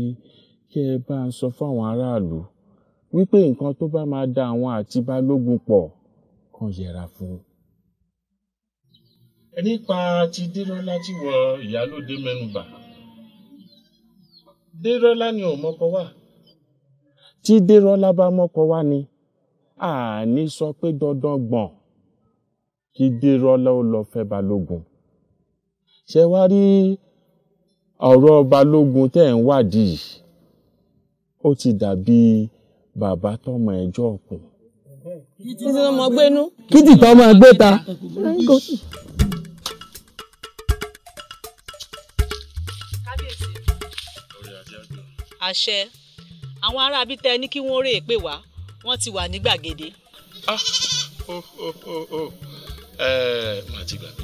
kí ẹ bá ń sọ fáwọn aráàlú wípé nǹkan tó bá máa da àwọn àti balógun pọ̀ kàn yẹra fún. nípa ti dírọ́lá tí wọ ìyálóde mẹ́nubà dírọ́lá ni ò mọ́kọ wá. tí dírọ́lá bá mọ́kọ wá ni àní sọ pé dandan gbọ̀n kí dírọ́lá ó lọ fẹ́ balógun ṣé wá rí ọ̀rọ̀ balógun tẹ́ ẹ̀ ń wádìí ó ti dàbí bàbá tọmọ ẹjọ́ ọ̀kùn. títí tọmọ gbénú. títí tọmọ gbé ta. àṣẹ àwọn ará abítẹ ní kí wọ́n rèé pè wá wọ́n ti wà ní gbàgede. ah oh oh oh oh ẹ eh, màá ti gbàgbé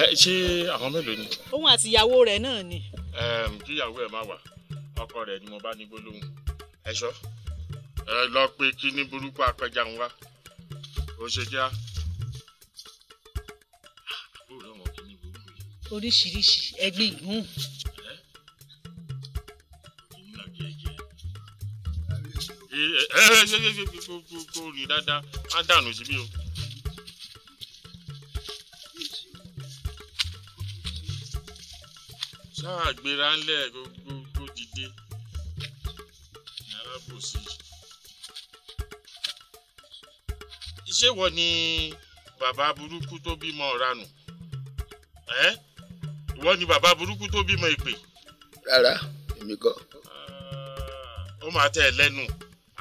ẹ ṣé àwọn mélòó ni. òun àti ìyàwó rẹ̀ náà ni. kí ìyàwó ẹ má wà ọkọ rẹ̀ ni mo bá ní gbólóhùn ẹṣọ ẹ lọ pé kí ní burúkú apẹja ń wá ó ṣe kíá. oríṣiríṣi ẹgbẹ́ ìgbóhùn. ẹ ẹ ṣe ṣe ṣe kó rí dáadáa má dànù síbí o. ṣáà gbéra ńlẹ̀ gbogbo dìde ní alábòsí. iṣẹ́ wọ ni bàbá burúkú tó bímọ ọ̀ranù ẹ́ ìwọ ni bàbá burúkú tó bímọ èpè. rárá èmi kọ́. ó máa tẹ̀ ẹ́ lẹ́nu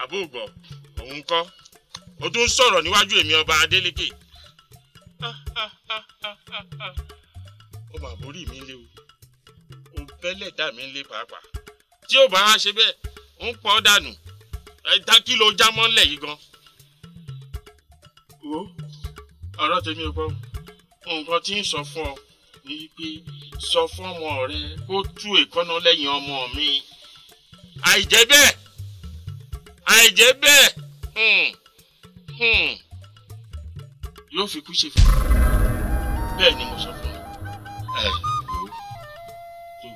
àbúgbọ̀ òun kọ́ ó tún sọ̀rọ̀ níwájú èmi ọba Adélékè. ó máa borí mi lé o bẹ́lẹ̀ dà mí lé pàápàá tí ò bá wá ṣe bẹ́ẹ̀ ń pọ́n dànù ẹ̀dá kí ló já mọ́lẹ̀ yìí gan. wo ọ̀rọ̀ tèmi ò gbọ́ nǹkan tí ń sọ fún ọ ni pé sọ fún ọmọ rẹ kó tú èkánná lẹ́yìn ọmọ mi àìjẹ́ bẹ́ẹ̀ àìjẹ́ bẹ́ẹ̀ hmm. Hmm. yóò fi kú ṣe fún mi bẹ́ẹ̀ ni mo sọ fún ọ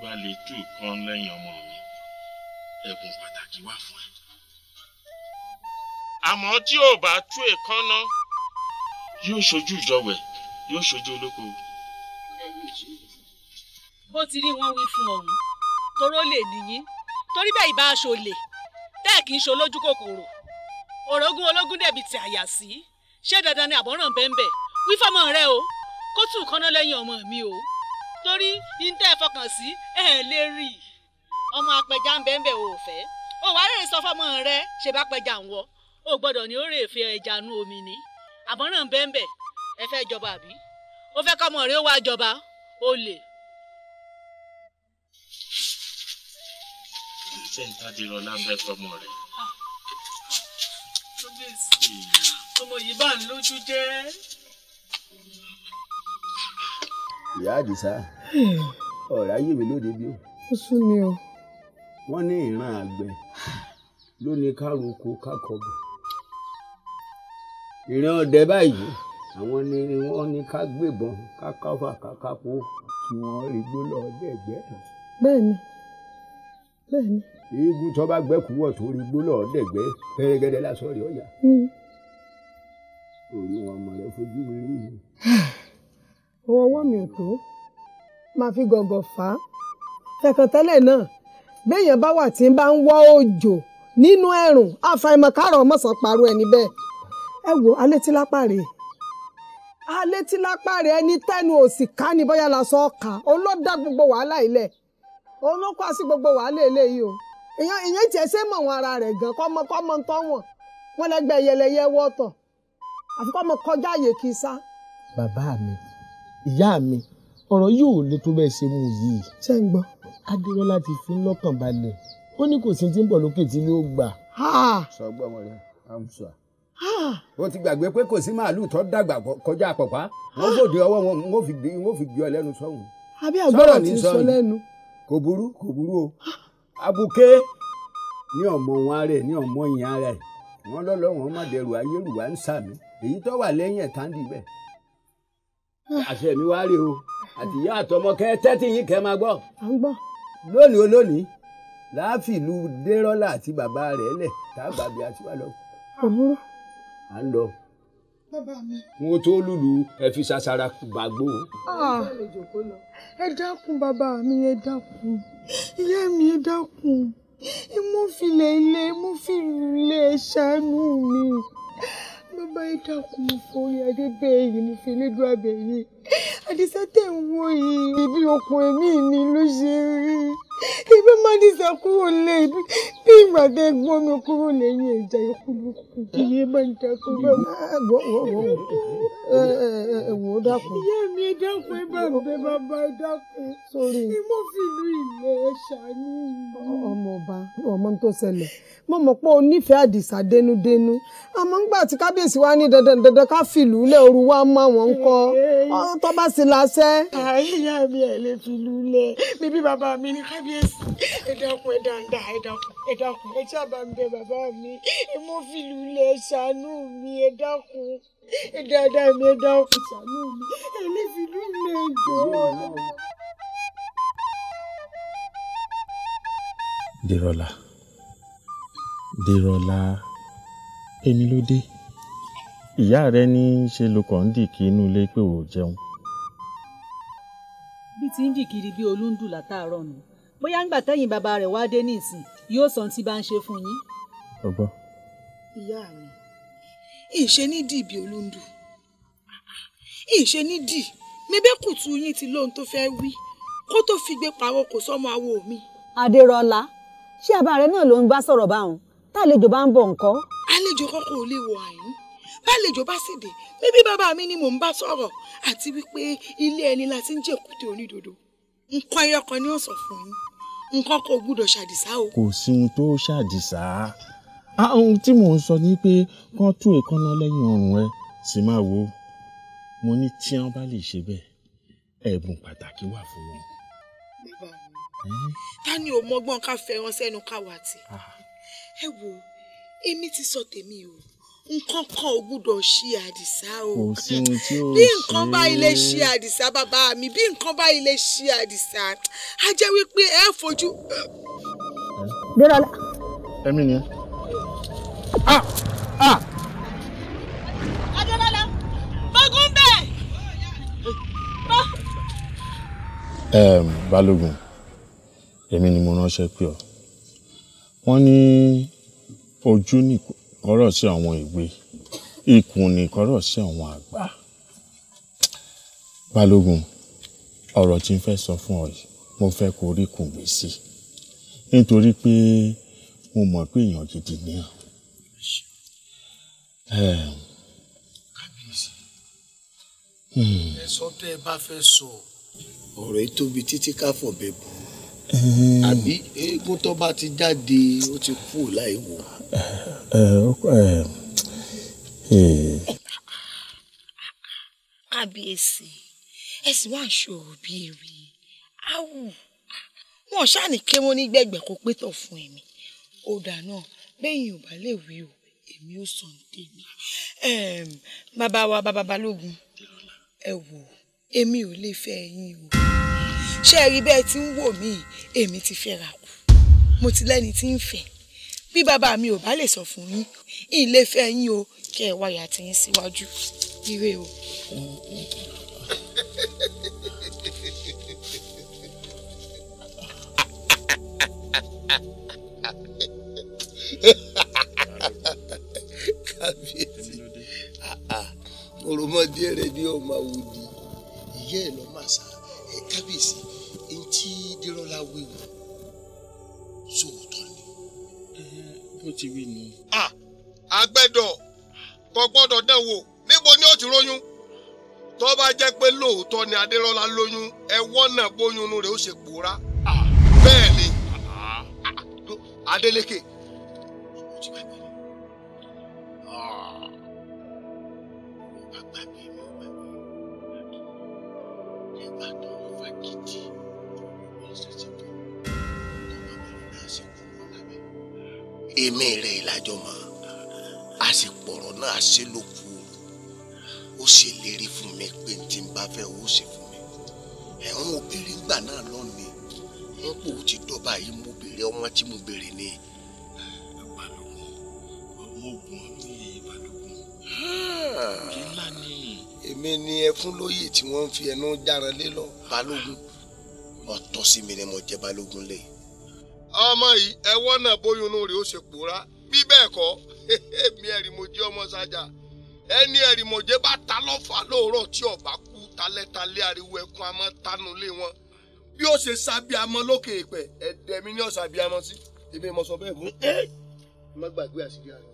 bá lè tú kan lẹ́yìn ọmọ mi ẹ̀bùn pàtàkì wà fún ẹ. àmọ́ tí ò bá tú èkánná yóò ṣojú ìjọwẹ̀ yóò ṣojú olóko. bó ti rí wọn wí fún ọ̀hún toró lè nìyí torí bẹ́ẹ̀ ìbá aṣọ lè bẹ́ẹ̀ kì í ṣe olójú kòkòrò orogún ológun dẹ̀bi ti àyà sí ṣé dandan ni àbọ̀ràn bẹ́ẹ̀ bẹ́ẹ̀ wí fọmọ rẹ o kó tún ìkánná lẹ́yìn ọmọ mi o torí níta ẹ̀fọkàn sí ẹ̀ lè rí i ọmọ apẹja ń bẹ́ẹ̀ ò fẹ́ ò wá rèé sọ fọmọ rẹ ṣe bá pẹja ń wọ ò gbọ́dọ̀ ní ó rèé fi ẹja nú omi ni àmọ́ràn bẹ́ẹ̀ ẹ fẹ́ jọba àbí ó fẹ́ kọ́mọ rẹ ó wá jọba ó lè. ṣé n ta dìrọ̀ lábẹ́ fọmọ rẹ. Ah. ọmọ yìí bá ń lójú jẹ́ ìyá àdìsá eh. ọ̀rá yé mi lóde bí o. ó sún mi o. wọ́n ní ìran àgbẹ̀ ló ní károko kákọ̀bẹ̀. ìran ọdẹ báyìí àwọn ni wọ́n ní ká gbébọn ká káfà ká kápó kí wọ́n igbó lọ dẹ̀gbẹ́. bẹ́ẹ̀ni bẹ́ẹ̀ni. eégún tó bá gbẹ́kúwọ̀ tó rí igbó lọ dẹ̀gbẹ́ pẹ́rẹ́gẹ́dẹ́ lásán rí ọ̀yà. Hmm. orí wọn mọ̀ rẹ mi rí i. Ah owó ọwọ́ mi ò tó máa fi gọ̀gọ̀ fà á tẹkàntẹ́lẹ̀ náà béèyàn bá wà tí ń bá ń wọ́ òjò nínú ẹ̀rùn àfàìmọ̀ kárọ̀ mọ̀sán parọ́ ẹni bẹ́ẹ̀ ẹ wo alẹ́ tí lápá rè alẹ́ tí lápá rè ẹni tẹ́nu òsì ká ni bóyá la sọ ọkà òun ló dá gbogbo wàhálà ilẹ̀ òun ló kọ́ sí gbogbo wàhálà eléyìí o èèyàn èèyàn tiẹ̀ ṣe mọ̀ wọn ara rẹ̀ gan kọ́mọ kọ́mọ ń tọ́ wọn wọn lẹ́gbẹ̀ẹ́ yẹlẹyẹ wọ́tọ̀ àfi kọ́mọ kọjá àyè kì í sá. bàbá mi ìyá mi ọ̀rọ̀ yóò le tó bẹ́ẹ̀ ṣe mú yìí. ṣé ń gbọ́. adéwọlá ti fi ń lọ́kàn balẹ̀ ó ní kò sí tí ń bọ̀ lókè tí ló gbà. sọ gbọ́ ọmọ rẹ amusa. wọ́n ti gbàgbé pé kò sí màálùú tó dàgbà kọjá àpọ̀pá wọ́n bòde ọwọ́ wọn wọ́n fi gbé wọ́n fi gbé ọ lẹ́nu sọ́hùn. àbí àgbọ̀rọ̀ ti sọ lẹ́nu. kò burú kò burú o abuké ní ọmọ wọn rẹ ní ọmọ ìyá rẹ wọn lọ́lọ́ wọn má dẹrù ayélujára ń sàmì èyí tó wà lẹ́yìn ẹ̀ tá dì bẹ́ẹ̀ àṣẹ mi wá rèé o àtìyá àtọmọ kẹ tẹ́tí yín kẹ máa gbọ́. à ń gbọ́. lónìí olónìí láàfìlú dérọ́là àti bàbá rẹ̀ lẹ̀ tábàbí àti wà lọ. àbúrò. à ń lọ. bàbá mi. n ò tó lùlù ẹ fi ṣàṣàrà gbàgbó. Ah. ẹ dákun bàbá mi ẹ dákun ìyá mi ẹ dákun mo fi lè lè mo fi lè ṣàánú mi bàbá yìí dákun mo forí adé bẹ́ẹ̀ yìí mo fi lédùn abẹ àdìsá tẹ̀ ń wo yìí bí okùn ẹ̀mí mi ló ṣe rí ibi má dìsá kúrò lé bí ìgbà tẹ gbọ́n mi kúrò lẹ́yìn ẹ̀já ìkúlùkù kí iye má ń dákú bá wọ́ wọ́ wọ́ wọ́ ó dákun. ìyá mi ẹ dákun ẹ bá bẹ bàbá ẹ dákun sórí ni mo fi ìlú ilẹ̀ ẹ ṣàánú mi. ọmọ ọba ọmọ tó ṣẹlẹ̀ mo mọ̀ pé o nífẹ̀ẹ́ àdìsá dénúdénú àmọ́ ńgbà tí kábíyèsí wa ní dandan dandan ká fìlú lẹ́ òru wa mọ́ àwọn ńkọ́ tó bá sì láṣẹ. àyà mi ẹ lè fi lulẹ̀ bíbí bàbá mi ní kábíyèsí ẹ dákun ẹ dáńdá ẹ tí àbá mi bẹ bàbá mi ẹ fi lulẹ̀ ṣàánú mi ẹ dákun mi ẹ ṣàánú mi ẹ lè fi lulẹ̀ ẹ jọ̀ọ́. Dèrọ̀lá èmi ló dé ìyá rẹ ní ṣe ló kàn ń dì kí inú ilé pé ò jẹun ti ń jì kiri bí olúndùn látàárọ̀ nù bóyá ń gbà tẹ́yìn bàbá rẹ̀ wá dé nísìn yóò sọ tí bá ń ṣe fún yín. ọgbọ́n. ìyá mi ìṣe ní dì bí olúndùn ìṣe ní dì mebẹ́ kùtù yín ti lóhun tó fẹ́ wí kó tó fi gbé pawọ́ kò sọ́mọ awo mi. adérọlá ṣé àbá rẹ náà ló ń bá sọ̀rọ̀ báwọn tálejò bá ń bọ̀ ńkọ́. àlejò kọ́kọ́ ò lè wọ àyín bálejò bá sì dé bíbí bàbá mi ni mò ń bá sọ̀rọ̀ àti wípé ilé ẹni la ti ń jẹ̀kútẹ̀ onídodo nǹkan ẹyọ kan ni ó sọ fún yín nǹkan kò gbúdọ̀ ṣàdìsá o. kò sí ohun tó ṣàdìsá ohun tí mò ń sọ ni pé kán tú èékánná lẹ́yìn ọrùn ẹ sì máa wo mo ní tí wọn bá lè ṣe bẹ́ẹ̀ ẹ̀bùn pàtàkì wà fún wọn. ta ni ò mọgbọ́n ká fẹ́ràn sẹ́nu káwa tì ah. ẹ wo èmi ti sọ tèmi o nǹkan kan ò gbúdọ̀ ṣe àdìsá o bí nǹkan bá ilé ṣe àdìsá bàbá mi bí nǹkan bá ilé ṣe àdìsá a jẹ́ wípé ẹ fojú. gbéra la. ẹmí ni. ah ah. adọ́lọ́lá bọ́gún bẹ́ẹ̀. balógun èmi ni mo ránṣẹ́ pé ọ wọ́n ní ojú nìkan kọ́rọ̀ sí àwọn ìwé ikùn ní kọ́rọ̀ sí àwọn àgbà. balógun ọ̀rọ̀ tí n fẹ́ sọ fún ọ yìí mo fẹ́ kó rí kùn gbé sí nítorí pé mo mọ̀ pé èèyàn gidi ni ọ. kábíyèsí hmm. ẹ̀sọ́ tẹ́ ẹ bá fẹ́ sọ ọ̀rọ̀ yìí tóbi títí ká fọ̀bẹ bò ó àbí eégún tó bá ti jáde ó ti kú láì wò. kábíyèsí ẹ sì wá ṣòro bíi èrè áwù wọn ṣáà ní kéwọn nígbẹgbẹ kó pé tọ fún èmi ó dáná bẹyìn ò bá lè wí o èmi ò sọ ní bàbá wa bàbá balógun ẹ wò èmi ò lè fẹ́ yín o ṣé ẹ rí bẹ́ẹ̀ tí ń wò mí èmi ti fẹ́ ra kù mo ti lẹ́ni tí ń fẹ́ bí bàbá mi ò bá lè sọ fún yín yín lè fẹ́ yín o kẹ́ ẹ wáyà tí yín síwájú ire o. kábíyèsí òròmọdé rẹ ni ó máa wù ní ìyá ẹ lọ́mọ bá wíwò sóòótọ́ ni. bó ti wí nu. àgbẹ̀dọ̀ kò gbọ́dọ̀ dán wò níbo ni ó ti róyún tó bá jẹ́ pé lóòótọ́ ni adérọ́lá lóyún ẹ̀wọ́n náà bóyún inú rẹ̀ ó ṣe pòórá bẹ́ẹ̀ ni adélékè. Thank you. èmi rẹ ìlàjọ mọ a sì pọ̀rọ̀ náà a ṣe ló kú o ó sì lérí fún mi pé n ti bá fẹ́ o sì fún mi ẹ̀wọ̀n obìnrin gbà náà lọ́ni wọn kò ti dọ́ba yìí mo béèrè ọmọ tí mo béèrè ni. balógun ọmọ ogun mi yìí balógun òye ah. ńlá ni. èmi ni ẹfun lóye tí wọ́n ń fi ẹnu jára lé lọ balógun ọ̀tọ̀ sí mi ni mo jẹ́ balógun lẹ́yìn ọmọ yìí ẹwọ́ náà bóyún inú rẹ̀ ó ṣe pòórá bí bẹ́ẹ̀ kọ́ èmi ẹ̀rì mo jẹ́ ọmọ sájà ẹni ẹ̀rì mo jẹ́ bá ta lọ́fà lóòrọ̀ tí ọ̀bá kú talẹ́talẹ́ ariwo ẹkún amọ́ tanu lé wọn bí ó ṣe sábíamọ́ lókè ìpẹ́ ẹ̀dẹ̀mí ni ọ̀sábíamọ́ sí èmi mọ̀ sọ bẹ́ẹ̀ fún eh, eh. ẹ́ má gbàgbé àṣírí àná.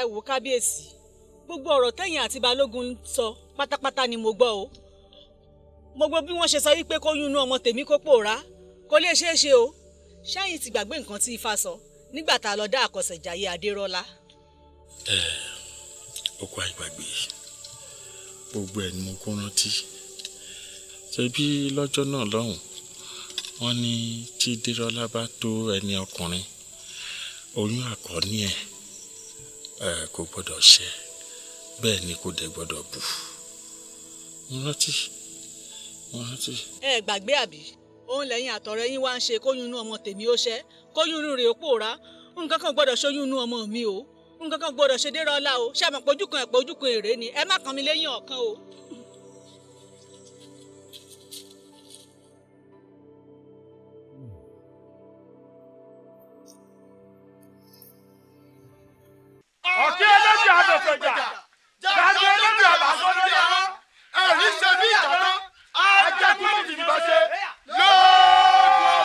ẹ wò kábíyèsí gbogbo ọ̀rọ̀ tẹ̀yìn àti balógun sọ pátápátá ni mo gbọ́ o gbogbo bí wọ́n ṣe sọ wípé kó yún inú ọmọ tèmi kó pòórá kó lè ṣeé ṣe o ṣẹ́yìn ti gbàgbé nǹkan tí ifá sọ nígbà tá a lọ dá àkọsẹ̀jayé adérọ́lá. ẹ ó kó àìgbàgbé gbogbo ẹ ni mo kó rántí ṣe bí lọ́jọ́ náà lọ́hùn wọ́n ní tí dérọ́lá bá tó ẹni ọkùnrin oyún àkọ́ní ẹ̀ kò gbọ́dọ̀ ṣẹ bẹ́ẹ̀ ni kò dẹ̀ gbọ́dọ̀ bù mo rántí mo rántí. ẹ gbàgbé àbí òun lẹ́yìn àtọ̀rẹ́ yín wá ń ṣe kóyún inú ọmọ tèmi ó ṣẹ kóyún inú pòórá nǹkan kan gbọ́dọ̀ ṣoyún ọmọ mi o nǹkan kan gbọ́dọ̀ ṣe dérọ́lá o ṣàmọ̀pọ̀ ojú kan ẹ̀pọ̀ èrè ni ẹ má kàn mí lẹ́yìn ọ̀kan o. ọ̀kí ẹlẹ́jì àdọ̀fẹ̀jà jáde ẹlẹ́jì àbàsọ́lẹ̀ yàrá ẹ̀rí ṣe bí ìjàdá ajẹ́kùnrin ìdìbò ṣe lọ́ọ́.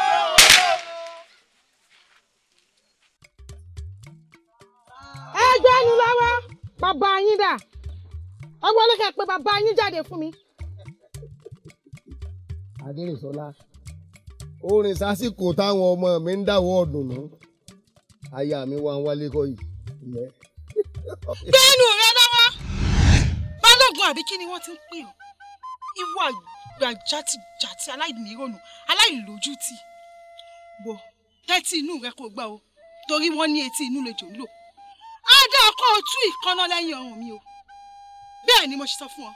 ẹ gbẹ́nu lọ́wọ́ bàbá yín dà ọwọ́ ló kẹ́ pé bàbá yín jáde fún mi. adérèsọlá orin sásìkò táwọn ọmọ mi ń dáwọ́ ọ̀dùnnú aya mi wá ń wálé kọ́ yìí gbẹ́nu rẹ lọ́wọ́ balógun àbí kí ni wọ́n ti ń pè ọ́ ìwọ àgbà játijàti aláìnírònú aláìlójútì wò tẹ́tí inú rẹ kò gbà o torí wọ́n ní etí inú lejò ń lò á dá ọkọ tú ìkànnà lẹ́yìn ọrùn mi o bẹ́ẹ̀ ni mo ṣe sọ fún ọ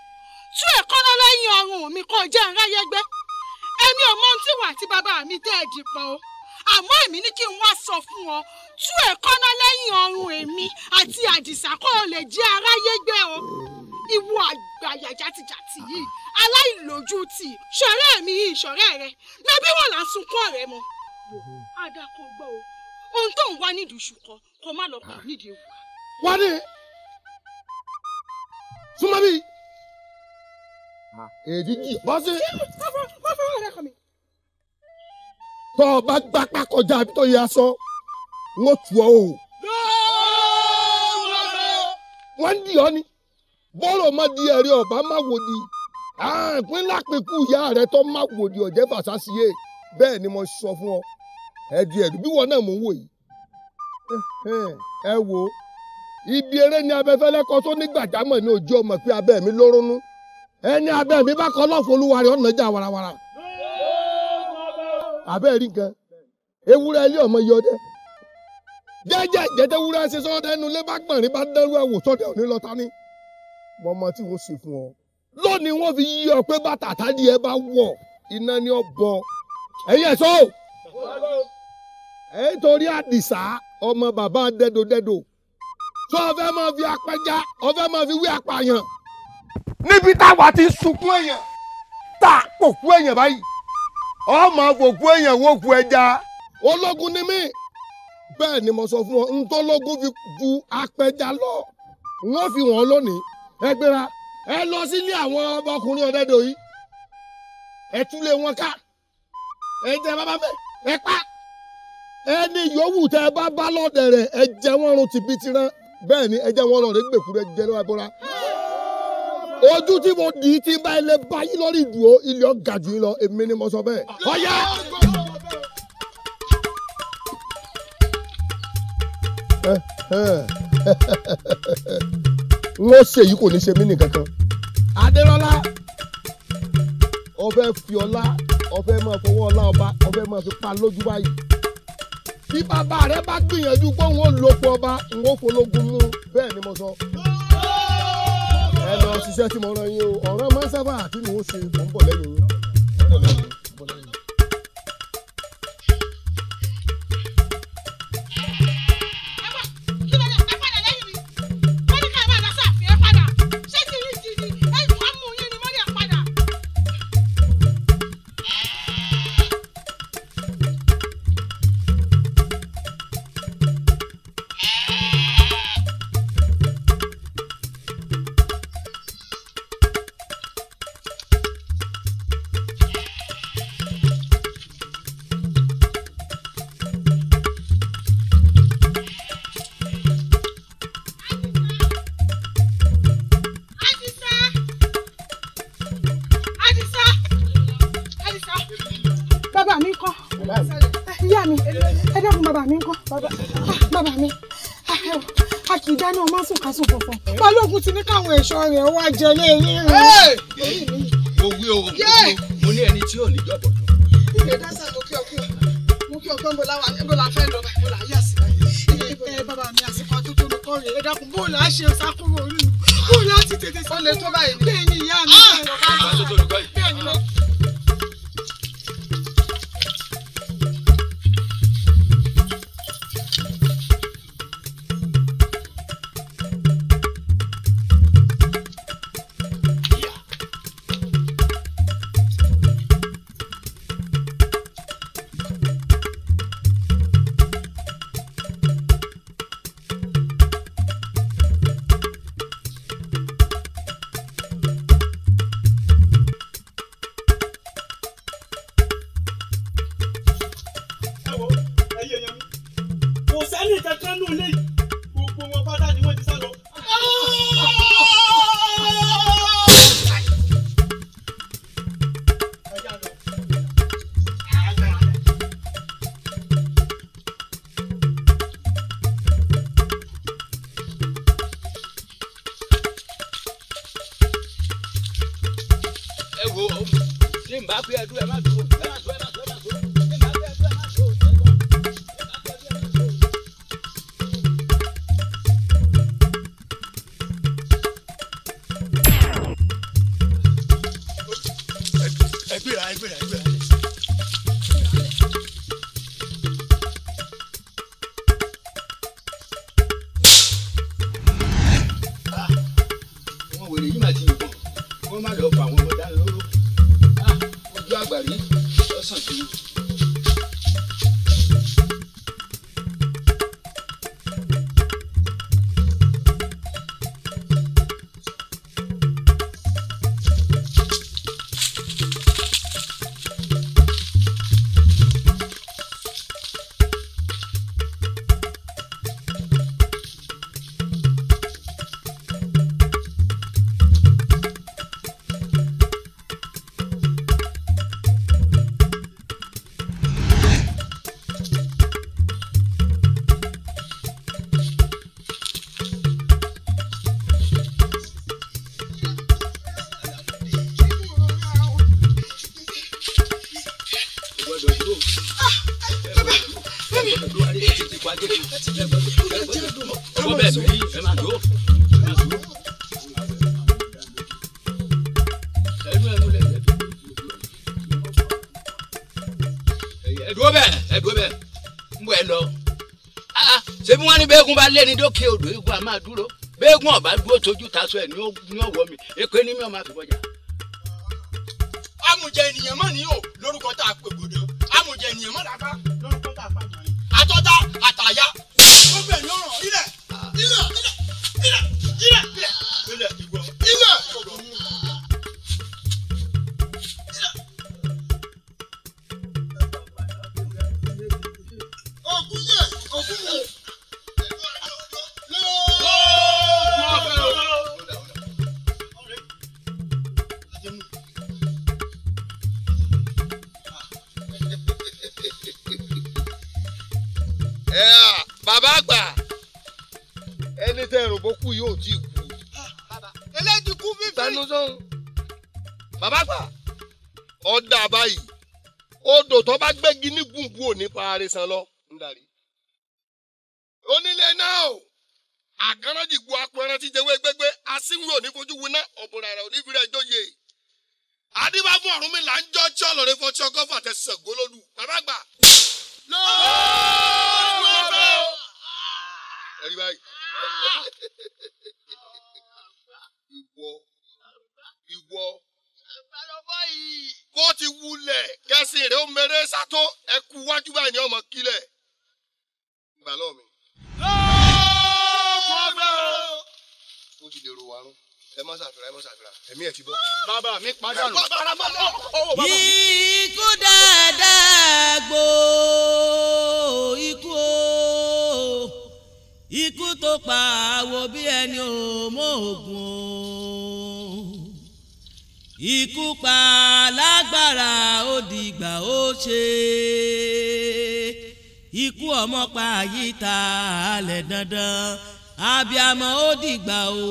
tú ìkànnà lẹ́yìn ọrùn mi kó jẹ́ ń ráyé gbé èmi ò mọ ohun tí wà àti bàbá mi dẹ́ẹ̀dì pọ̀ o àmọ́ èmi ní kí n wá sọ fún ọ tú ẹ̀kọ́ná lẹ́yìn ọrùn èmi àti àdìsá kó o lè jẹ́ aráyé gbé o ìwọ àgbàyà játijàti yìí aláìlójútì ṣọ̀rẹ́ mi yìí ṣọ̀rẹ́ rẹ mẹbí wọn là ń sunkún ọ̀rẹ́ mọ́ adakọ gbọ́ o ohun tó ń wá nídìí ṣùkọ kó má lọ pàdé nídìí ewu. wádé súnmọ́ mi èdè jì bọ́sẹ̀. wọ́n fọwọ́ rẹ̀ kàn mí tọ́ ọ bá gbapá kọjá àbí tó yẹ aṣọ wọn tù ọ o. wọ́n ń dì ọ́ ni bọ́rọ̀ má di ẹ̀rí ọ̀bá má wò di àpín lápẹ̀kù ìyá rẹ tó má wò di ọ̀jẹ́ fàṣàṣìyẹ bẹ́ẹ̀ ni mo sọ fún ọ ẹ̀dùn ẹ̀dùn bí wọn náà mò ń wò yìí ẹ wò ó ibi eré ni abẹ́fẹ́ lẹ́kọ́ tó ní gbàjámọ̀ ní ojú ọmọ pé abẹ́ mi ló ronú ẹni abẹ́ mi bá kọ́ lọ́fọ̀ ọ̀nà ìjà warawara àbẹ́ rí nǹkan ewúrẹ́ ilé ọmọ yìí ọdẹ jẹ́jẹ́ ìjẹ́jẹ́ wúrẹ́ ṣe sọ́dẹ ẹnu lé bá gbọ̀nrín bá dánrú ẹ̀wò sọ́dẹ òní lọ́ta ní wọ́n mọ tí wọ́n ṣe fún ọ. lónìí wọ́n fi yí ọ pé bàtà tádì ẹ bá wọ̀ iná ni ọ bọ ẹ̀yẹ sọ. ẹ̀ torí àdìsá ọmọ bàbá dẹ́dọ̀dẹ́dọ̀ tó ọfẹ́ máa fi apẹja ọfẹ́ máa fi wí apààyàn níbi táwa ti sunkún èèyàn tá a pòkú èèyàn báyìí ọmọ àfòkú èèyàn wò kú ẹja. ológun ni mí bẹ́ẹ̀ ni mo sọ fún ọ ntọ́lógún fi ju apẹja lọ wọ́n fi wọ́n lónìí ẹ gbéra ẹ lọ sílé àwọn ọmọkùnrin ọ̀dẹ́dọ̀ yìí ẹ túlé wọn ká ẹ jẹ bàbá bẹ ẹ pa ẹni yòówù tẹ ẹ bá bá lọ́dẹ̀ rẹ̀ ẹ jẹ wọ́n run tìbìtì rán bẹ́ẹ̀ ni ẹ jẹ wọ́n lọ́dẹ̀ gbèkúrẹ́ jẹ́ lọ́wọ́ abọ́ra ojú tí mo dì ti bá ilé báyìí lórí ìdúró ilé ọ̀gá jù lọ èmi ni mo sọ bẹ́ẹ̀. ọ̀yá. wọ́n ṣe èyí kò ní ṣe mí nìkan kan. adérọ́lá ọfẹ́ fi ọlá ọfẹ́ máa fọwọ́ ọlá ọba ọfẹ́ máa fi pa lójú báyìí bí bàbá rẹ bá gbìyànjú pé òun ò lòpọ̀ ọba òun ò fológun mú bẹ́ẹ̀ ni mo sọ ẹ lọ ṣiṣẹ́ tí mo rán yín o ọ̀rọ̀ máa àti nù ṣe mò ń bọ̀ lẹ́yìn yín. 万众一心。àbí ẹdú ẹ má dúró. òkè odò igun a máa dúró béègùn ọba dúró tójú taṣọ ẹ ní ọwọ́ mi èpè ní mi ọmọ àfibọjà. amújẹ ènìyàn mọ̀ ní o. gini gbùngbùn ò ní san lọ onílé o àkànnájì apẹran ti jẹwé gbégbé asínwó ò fojú winá ọ̀bùnrà rẹ̀ ò ní fi rẹ̀ jóye. adébáfún ọ̀run mi là ń jọ́ tí tí pa lágbára ó dìgbà ó ṣe ikú ọmọ pa àyíta alẹ̀ dandan abiamọ ó dìgbà ó.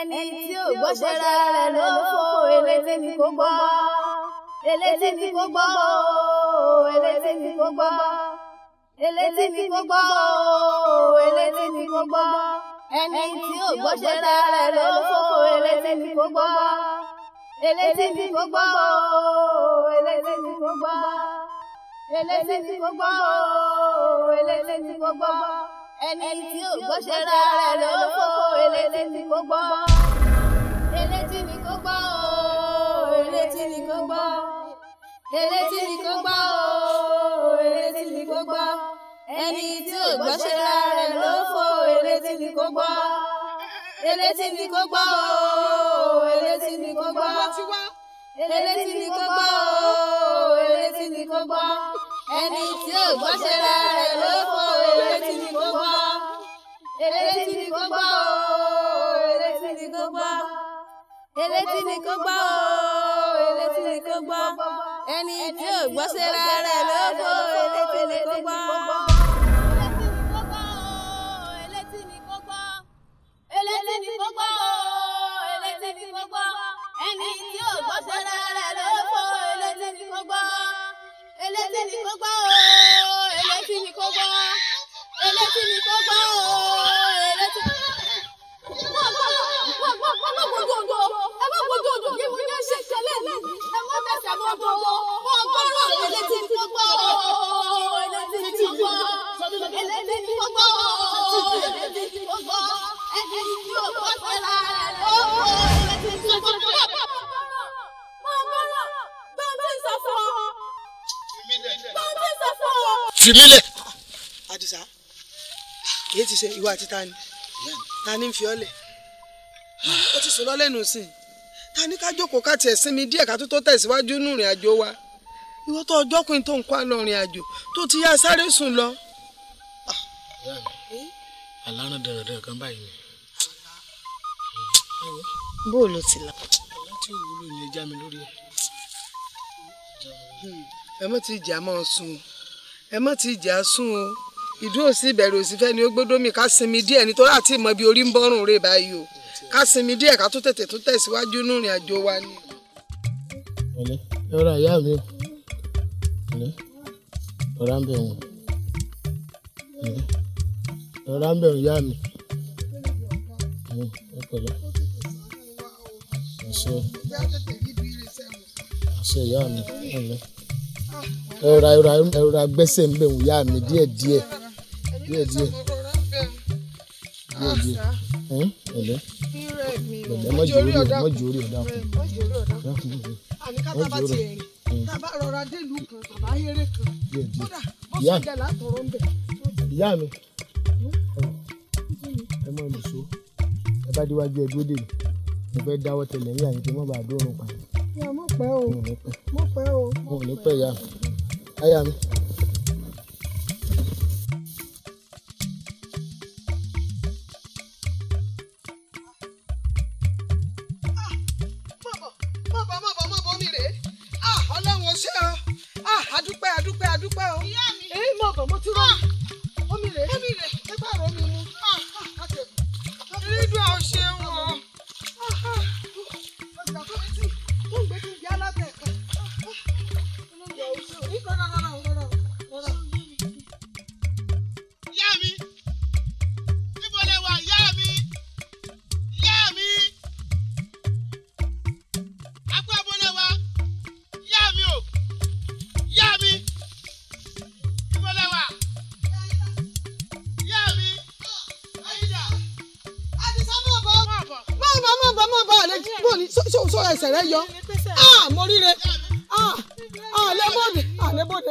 ẹni tí ò gbọ́ṣẹ́ rárá ló fò elétí ni kò gbọ́ elétí ni kò gbọ́ elétí ni kò gbọ́ elétí ni kò gbọ́ elétí ni kò gbọ́ ẹni tí ò gbọ́ṣẹ́ rárá ló fò elétí ni kò gbọ́ elétí ni kò gbọ́ elétí ni kò gbọ́ elétí ni kò gbọ́ elétí ni kò gbọ́ ẹni tí ò gbọ́ṣẹ́ rárá rẹ̀ ló fò elétí ni kò gbọ́ elétí ni kò gbọ́ o elétí ni kò gbọ́ elétí ni kò gbọ́ o elétí ni kò gbọ́ ẹni tí ò gbọ́ṣẹ́ rárá rẹ̀ ló fò elétí ni kò gbọ́ elétí ni kò gbọ́ o elétí ni kò gbọ́ elétí ni kò gbọ́ o elétí ni kò gbọ́ ẹni tí ò gbọ́ṣẹ́ rárá rẹ̀ ló fò elétí elétí ni kó gbọ́ o elétí ni kó gbọ́ elétí ni kó gbọ́ o elétí ni kó gbọ́ ẹni tí ò gbọ́ sí rárá ló kó elétí ni kó gbọ́. elétí ni kó gbọ́ elétí ni kó gbọ́ elétí ni kó gbọ́ ẹni tí ò gbọ́ sí rárá ló kó elétí ni kó gbọ́ elétí ni kó gbọ́ o elétí ni kó gbọ́ elétí Adisa èyí ti ṣe ìwà àti tani tani ń fi ọ́ lẹ̀ ó ti sòlọ́ lẹ́nu sí i tani ká jókòó ká tiẹ̀ sinmi díẹ̀ ká tó tó tẹ̀síwájú nù rìn àjò wa ìwọ tó ọjọ́ pin tó ń kó lọ rìn àjò tó ti yá sáré sùn lọ. alárùn dandan kan báyìí ni. bó o ló ti là. ọ̀la tí ò wúlò ni ẹ já mi lórí ẹ. ẹ mọ̀ tí ìjà máa sùn ẹ mọ̀ tí ìjà sùn o ìdúró sí ìbẹ̀rù òsì fẹ́ ni ó gbódó mi ká sinmi díẹ̀ nítorí àti ìmọ̀ bí orí ń bọ́rùn rè báyìí o ká sinmi díẹ̀ ká tó tètè tó tẹ̀síwájú nínú ìrìn àjò wa ni. ọ̀lẹ́ ọ̀rọ̀ àyá mi o ọ̀lẹ́ ọ̀rọ̀ à ń bẹ̀ wọ̀n ọ̀lẹ́ ọ̀rọ̀ à ń yá mi ọ̀pẹ̀lẹ́ àṣẹ àṣẹ ìyá mi ọ̀lẹ́ ẹ̀rọ ẹ̀rọ ń bẹ̀ yá mi díẹ̀díẹ̀ díẹ̀ díẹ̀ díẹ̀ díẹ̀ ọ̀lẹ́ ọ̀lẹ́ má jòrí ọ̀dà má jòrí ọ̀dà kù má jòrí ọ̀dà kù àní ká tábà ti ẹ̀rìn tábà rọra délùú kan tàbá ayére kan ìyá mi hm? ẹ mọ olùsọ ẹ bá déwájú ẹ dúró dè mí mo fẹ́ dáwọ́ tẹlẹ̀ ní àyíké mọ́ bàá dóorùn pa. mo pẹ́ o mo pẹ́ o mo pẹ́ ìyá mi.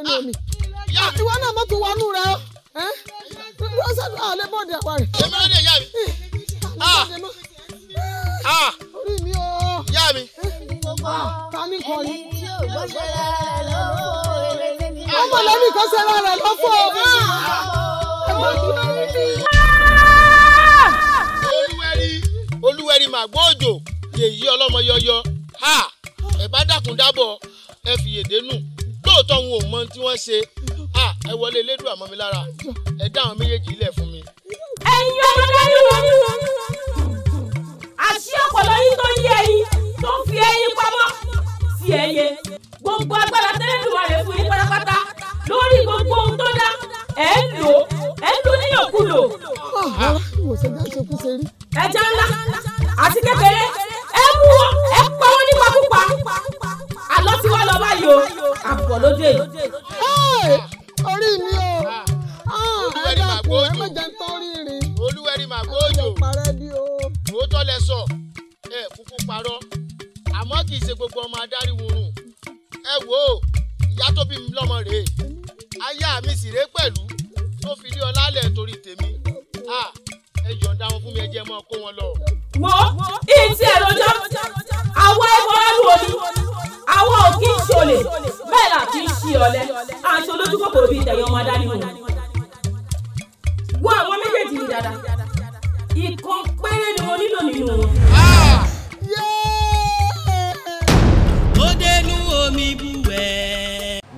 lé ah, mi. ìwọ náà mo ti wọnú rẹ o. rọ́ṣẹ́dù àlẹ́ ah, bọ́ọ̀dì àwa rẹ̀. èmi ló dé ìyá mi. Eh, ah. eh, orí mi o. ìyá mi. Eh, ta ni kọ yìí. ọmọ lẹ́nu ìkọ́sẹ́ra rẹ̀ ló fọ́ ọ. olúwẹ̀rí olúwẹ̀rí màgbọ́ òjò yèyí ọlọ́mọ yọyọ ẹ bá dákun dábọ̀ ẹ fìyèdè nù lóòótọ́ òun ò mọ tí wọ́n ṣe ẹ wọlé elédùn àmọ́ mi lára ẹ dá àwọn méjèèjì ilẹ̀ fún mi. ẹ̀yin ọmọdé yíwọ yíwọ àṣì ọpọlọ yín tó yí ẹyin tó ń fi ẹyin pamọ́ sí ẹyẹ gbogbo agbára tẹ́lẹ̀dùnmọ̀ rẹ̀ fún yín pátápátá lórí gbogbo ohun tó dá ẹ̀ ń lò ẹ̀ ń lò nílòkulò. Ah, ẹja ńlá àti kékeré ẹ mú wọn ẹ pa wọn nípakúpa ló ti wá lọ báyìí o àbọ̀ lójú èyí. orí mi o ah, ah, ẹ dàpọ̀ ẹ má jẹ́ ń tán rí rí. olúwẹ̀rí màgbọ́ òjò òótọ́ lẹ sọ ẹ kúkú parọ́ àmọ́ kì í ṣe gbogbo ọmọ adarí wurun ẹ wò ó ìyá tó bí mi lọ́mọ rèé aya mi sì rèé pẹ̀lú tó fi lé ọlá lẹ̀ torí tèmi ah, ẹ yọ̀ǹda wọn fún mi ẹ jẹ́ mọ́ kó wọn lọ wo ìtì ẹ̀ àwọn ẹ̀kọ́ ẹ̀rù àwọn ò kí ń là kí ń ṣe ọ̀lẹ àti olójú bíi tẹ̀yìn ọmọ adániwò wo àwọn méjèèjì yìí dáadáa ìkan péré ni mo nílò nínú wọn.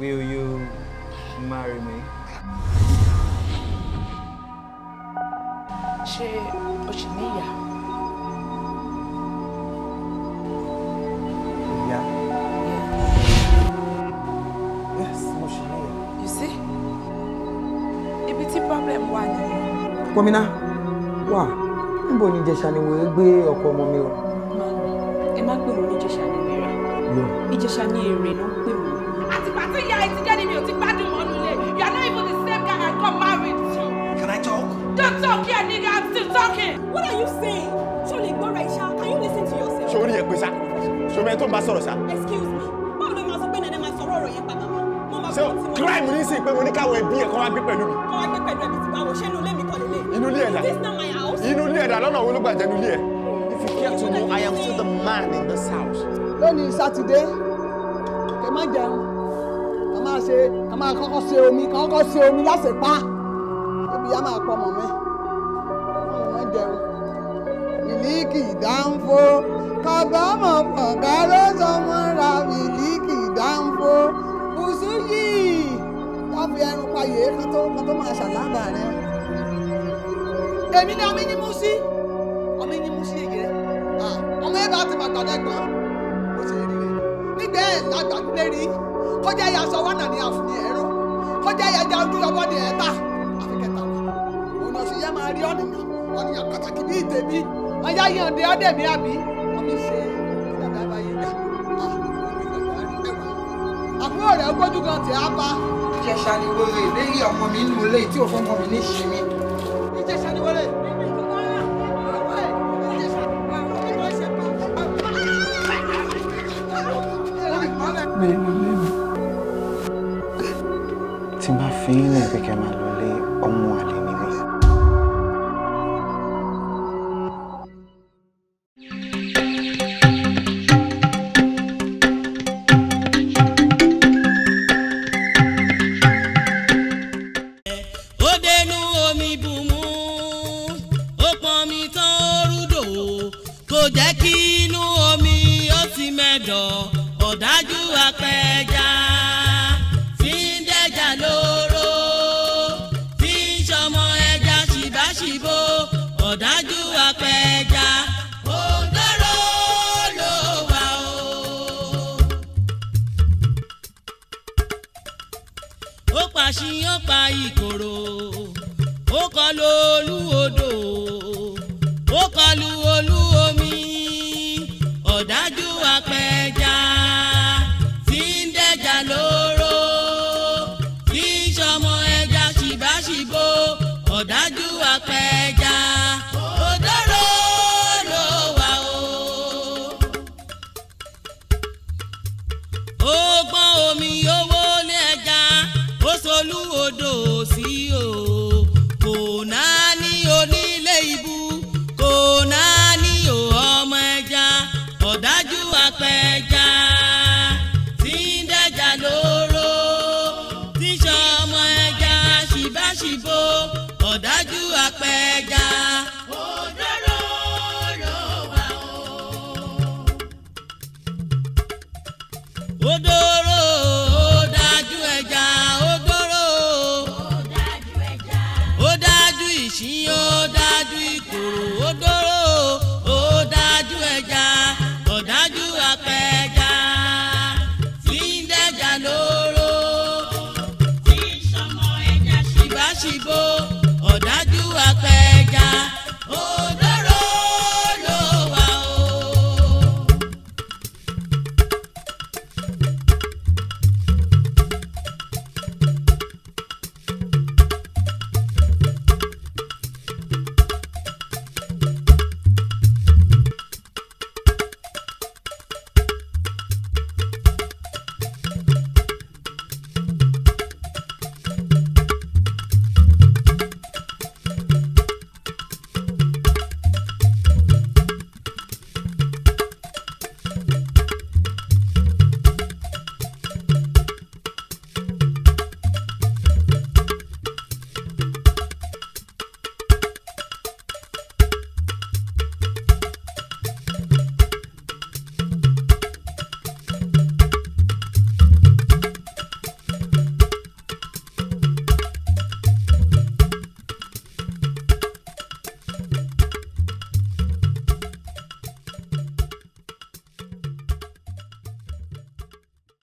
Will you marry me? ṣé what ṣì mean? problem wà nìyẹn. pọ́mínà wà níbo ni ìjẹ̀ṣà ni wòye gbé ọkọ ọmọ mi o. ẹ má pè ní ìjẹ̀ṣà ni wèrè ìjẹ̀ṣà ni èrè ló ń pè mí. àtìgbà tí ìyá ẹ ti jẹ́ ni mi gbádùn mọ́ nulẹ̀ you are not even the same guy I got married to. Can I talk? Don't talk here, nigga. I'm still talking. What are you saying? Surely, go right, Sha. Can you listen to yourself? Sori ẹ pé sá. Sori ẹ tó ń bá sọ̀rọ̀ sá. Excuse me. Báwo ló máa sọ pé nana máa sọ̀rọ̀ ọ̀rọ̀ yẹn padà Mo máa bọ́ Crime ní sìn pé mo ní káwọn ẹbí ẹ̀ kọ́ inú ilé ẹ̀dá inú ilé ẹ̀dá lọ́nà wo ló gbà jẹ́ inú ilé ẹ̀. if you care to know I am still the man in this house. lónìí sátidé kẹ má jẹun a máa ṣe a máa kọ́kọ́ ṣe omi kọ́kọ́ ṣe omi láṣẹ pa ebi a máa pọ ọmọ mi ọmọ jẹun mílíkì ìdánfó kábàámọ̀ pọ̀gá ló sọ mọ́ra mílíkì ìdánfó kùsù yìí táfi ẹnu pa yèé kátó kátó máa ṣàlábà rẹ èmi ni ọmọ yín mú sí ọmọ yín mú sí yẹ ah, ọmọ yẹn bá ti bàtà lẹ́gbọ̀n ó ṣe rí rẹ nígbà ẹ̀ lágbàdúlé rí kọjá ya sọ wánà ní àfúnni ẹ̀rọ kọjá ya já ojú ọwọ́ ni ẹ̀ ta àfikẹ́ta wà ònà sì yẹ máa rí ọ̀nìyàn ọ̀nìyàn pàtàkì bíi tèmi ọjà yàn dé ọ́dẹ̀mí àbí ọmọ ìṣe ìdàgbà báyìí dá ah, àbúrò rẹ̀ gbójú kan tẹ̀ á pa. kí ẹ ṣàlìwò rè lérí ọmọ mi nù lé tí òfin ọmọ mi ní ṣe fines de quemar.